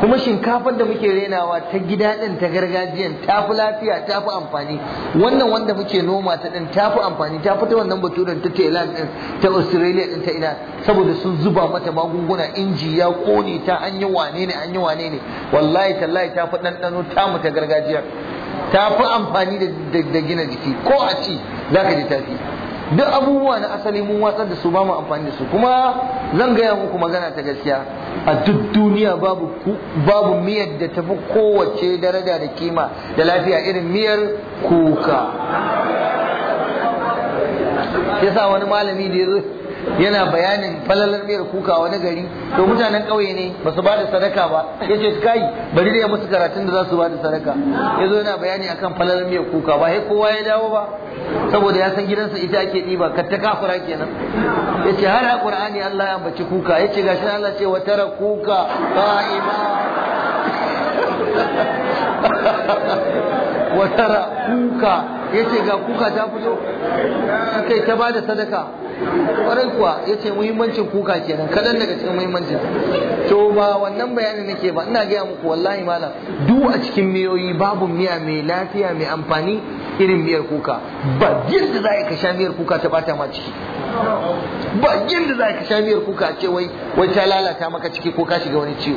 kuma shinkafar da muke renawa ta gida ɗin ta gargajiyan ta fi lafiya ta fi amfani wannan wanda muke noma ta ɗin ta fi amfani ta fita wannan baturen ta thailand din ta australia ɗin ta ina saboda sun zuba mata magunguna inji ya kone ta an yi wane ne an yi wane ne wallahi tallahi ta fi ɗanɗano tamu ta gargajiya ta fi amfani da gina jiki ko a ci za ka ji tafi duk abubuwa na asali mun watsar da su ba mu amfani da su kuma zan gaya muku magana ta gaskiya a duk duniya babu babu miyar da tafi kowace daraja da kima da lafiya irin miyar kuka yasa wani malami da ya yana bayanin falalar miyar kuka wani gari to mutanen ƙauye ne ba su bada sadaka ba Yace ce kai bari da ya musu karatun da za su bada sadaka ya zo yana bayani akan falalar miyar kuka ba sai kowa ya dawo ba saboda ya san gidansa ita ake ɗiba ka ta kafura kenan Yace ce har a Allah ya ambaci kuka Yace ce gashi Allah ce wa tara kuka qa'ima [LAUGHS] wa tara kuka ya ce ga kuka ta fito suka yi ta bada sadaka ƙwarai kuwa ya ce muhimmancin kuka kenan kaɗan daga cikin muhimmancin to ba wannan bayanin nake ba ina gaya muku wallahi malam duk a cikin miyoyi babu miya mai lafiya mai amfani irin miyar kuka ba yadda za a ka sha miyar kuka ta bata ma ciki ba yadda za a ka sha miyar kuka ce wai wai ta lalata maka ciki ko ka shiga wani ciwo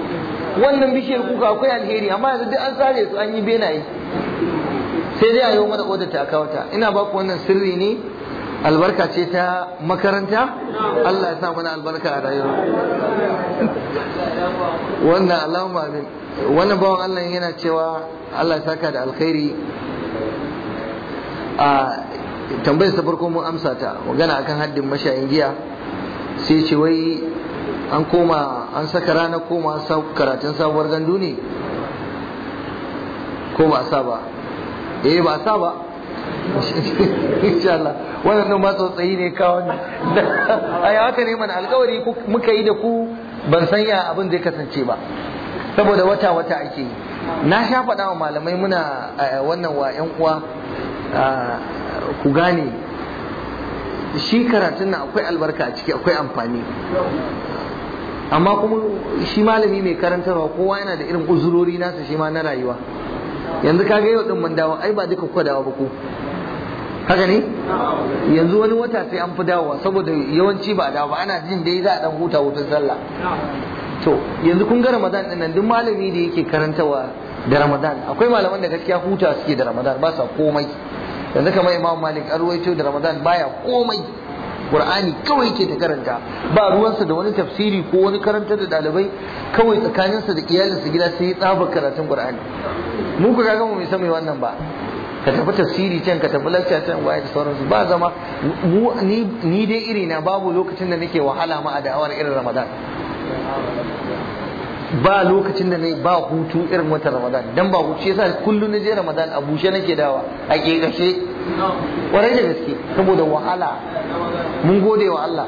wannan bishiyar kuka akwai alheri amma yanzu duk an sare su an yi benaye sai dai a yi mana odar ta a kawata ina ba ku wannan sirri ne albarka ce ta makaranta Allah ya sa mana albarka a rayuwa wannan wannan bawan Allah yana cewa Allah ya saka da alkhairi a tambayar sa farko mun amsa ta magana akan haddin mashayin giya sai ce wai an koma an saka rana koma karatun sabuwar gandu ne ko ba sa ba eh ba sa ba insha nan ba ma tsautsayi ne kawo ne [LAUGHS] ai haka ne mana alƙawari muka yi da ku ban san ya abin zai kasance ba saboda wata wata ake yi na sha faɗa wa malamai muna wannan wa ƴan uwa ku gane shi karatun nan akwai albarka a ciki akwai amfani amma kuma shi malami mai karantarwa kowa yana da irin uzurori nasa shi ma na rayuwa yanzu kaga yau din mun dawo ai ba duka kuka dawo ba ku haka ne yanzu wani wata sai an fi dawowa saboda yawanci ba dawo ba ana jin dai za a dan huta hutun sallah to yanzu kun ga ramadan din nan duk malami da yake karantawa da ramadan akwai malaman da gaskiya huta suke da ramadan ba sa komai yanzu kamar imam malik arwaito da ramadan baya komai qur'ani kawai yake ta karanta ba ruwansa da wani tafsiri ko wani karanta da ɗalibai kawai tsakaninsa da iyalinsa gida sai ya tsaba karatun qur'ani mu ku ga mu mai san wannan ba ka tafi tafsiri can ka tafi lakta can waye da sauransu ba zama ni dai iri na babu lokacin da nake wahala ma a da'awar irin ramadan ba lokacin da nai ba hutu irin watan ramadan dan ba hutu yasa kullun na je ramadan a bushe nake dawa a kekashe kwarai da gaske saboda wahala mun gode wa Allah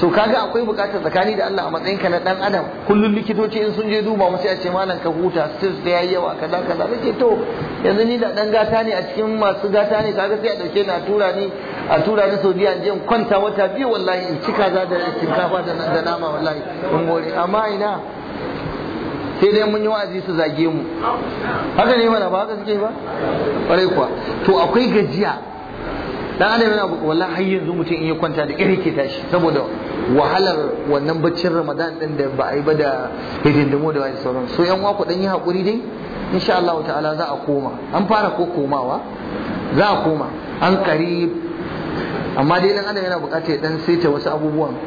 so kaga akwai bukatar tsakani da Allah a matsayin ka na dan adam Kullum likitoci in sun je duba mu sai a ce malam ka huta stress da yayi yawa kaza kaza nake to yanzu ni da dan gata ne a cikin masu gata ne kaga sai a dauke ni a tura ni a tura ni Saudi in je in kwanta wata biyu wallahi in ci kaza da shinkafa da nama wallahi in gode amma ina sai dai mun yi wa'azi su zage mu haka ne mana ba haka suke ba ƙwarai kuwa to akwai gajiya dan adam yana wallahi har yanzu mutum in ya kwanta da ƙiri ke tashi saboda wahalar wannan baccin ramadan din da ba a yi ba da hidindimu da wani sauran so yan ku dan yi haƙuri dai insha Allah ta'ala za a koma an fara ko komawa za a koma an ƙari. amma dai dan adam yana buƙatar ya dan saita wasu abubuwan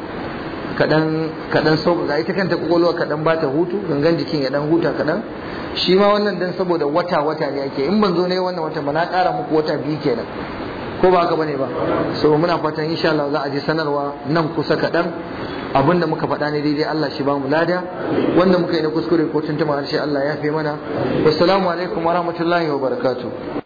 kaɗan kaɗan ga ita kanta ƙwaƙwalwa kaɗan ba ta hutu gangan jikin ya ɗan huta kaɗan shi ma wannan dan saboda wata wata ne ake in ban zo ne wannan wata ba na ƙara muku wata biyu kenan ko ba haka bane ba so muna fatan insha Allah za a ji sanarwa nan kusa kaɗan abinda muka faɗa ne daidai Allah shi ba mu lada wanda muka yi na kuskure ko tuntuma harshe Allah ya fi mana wassalamu alaikum wa rahmatullahi wa barakatuh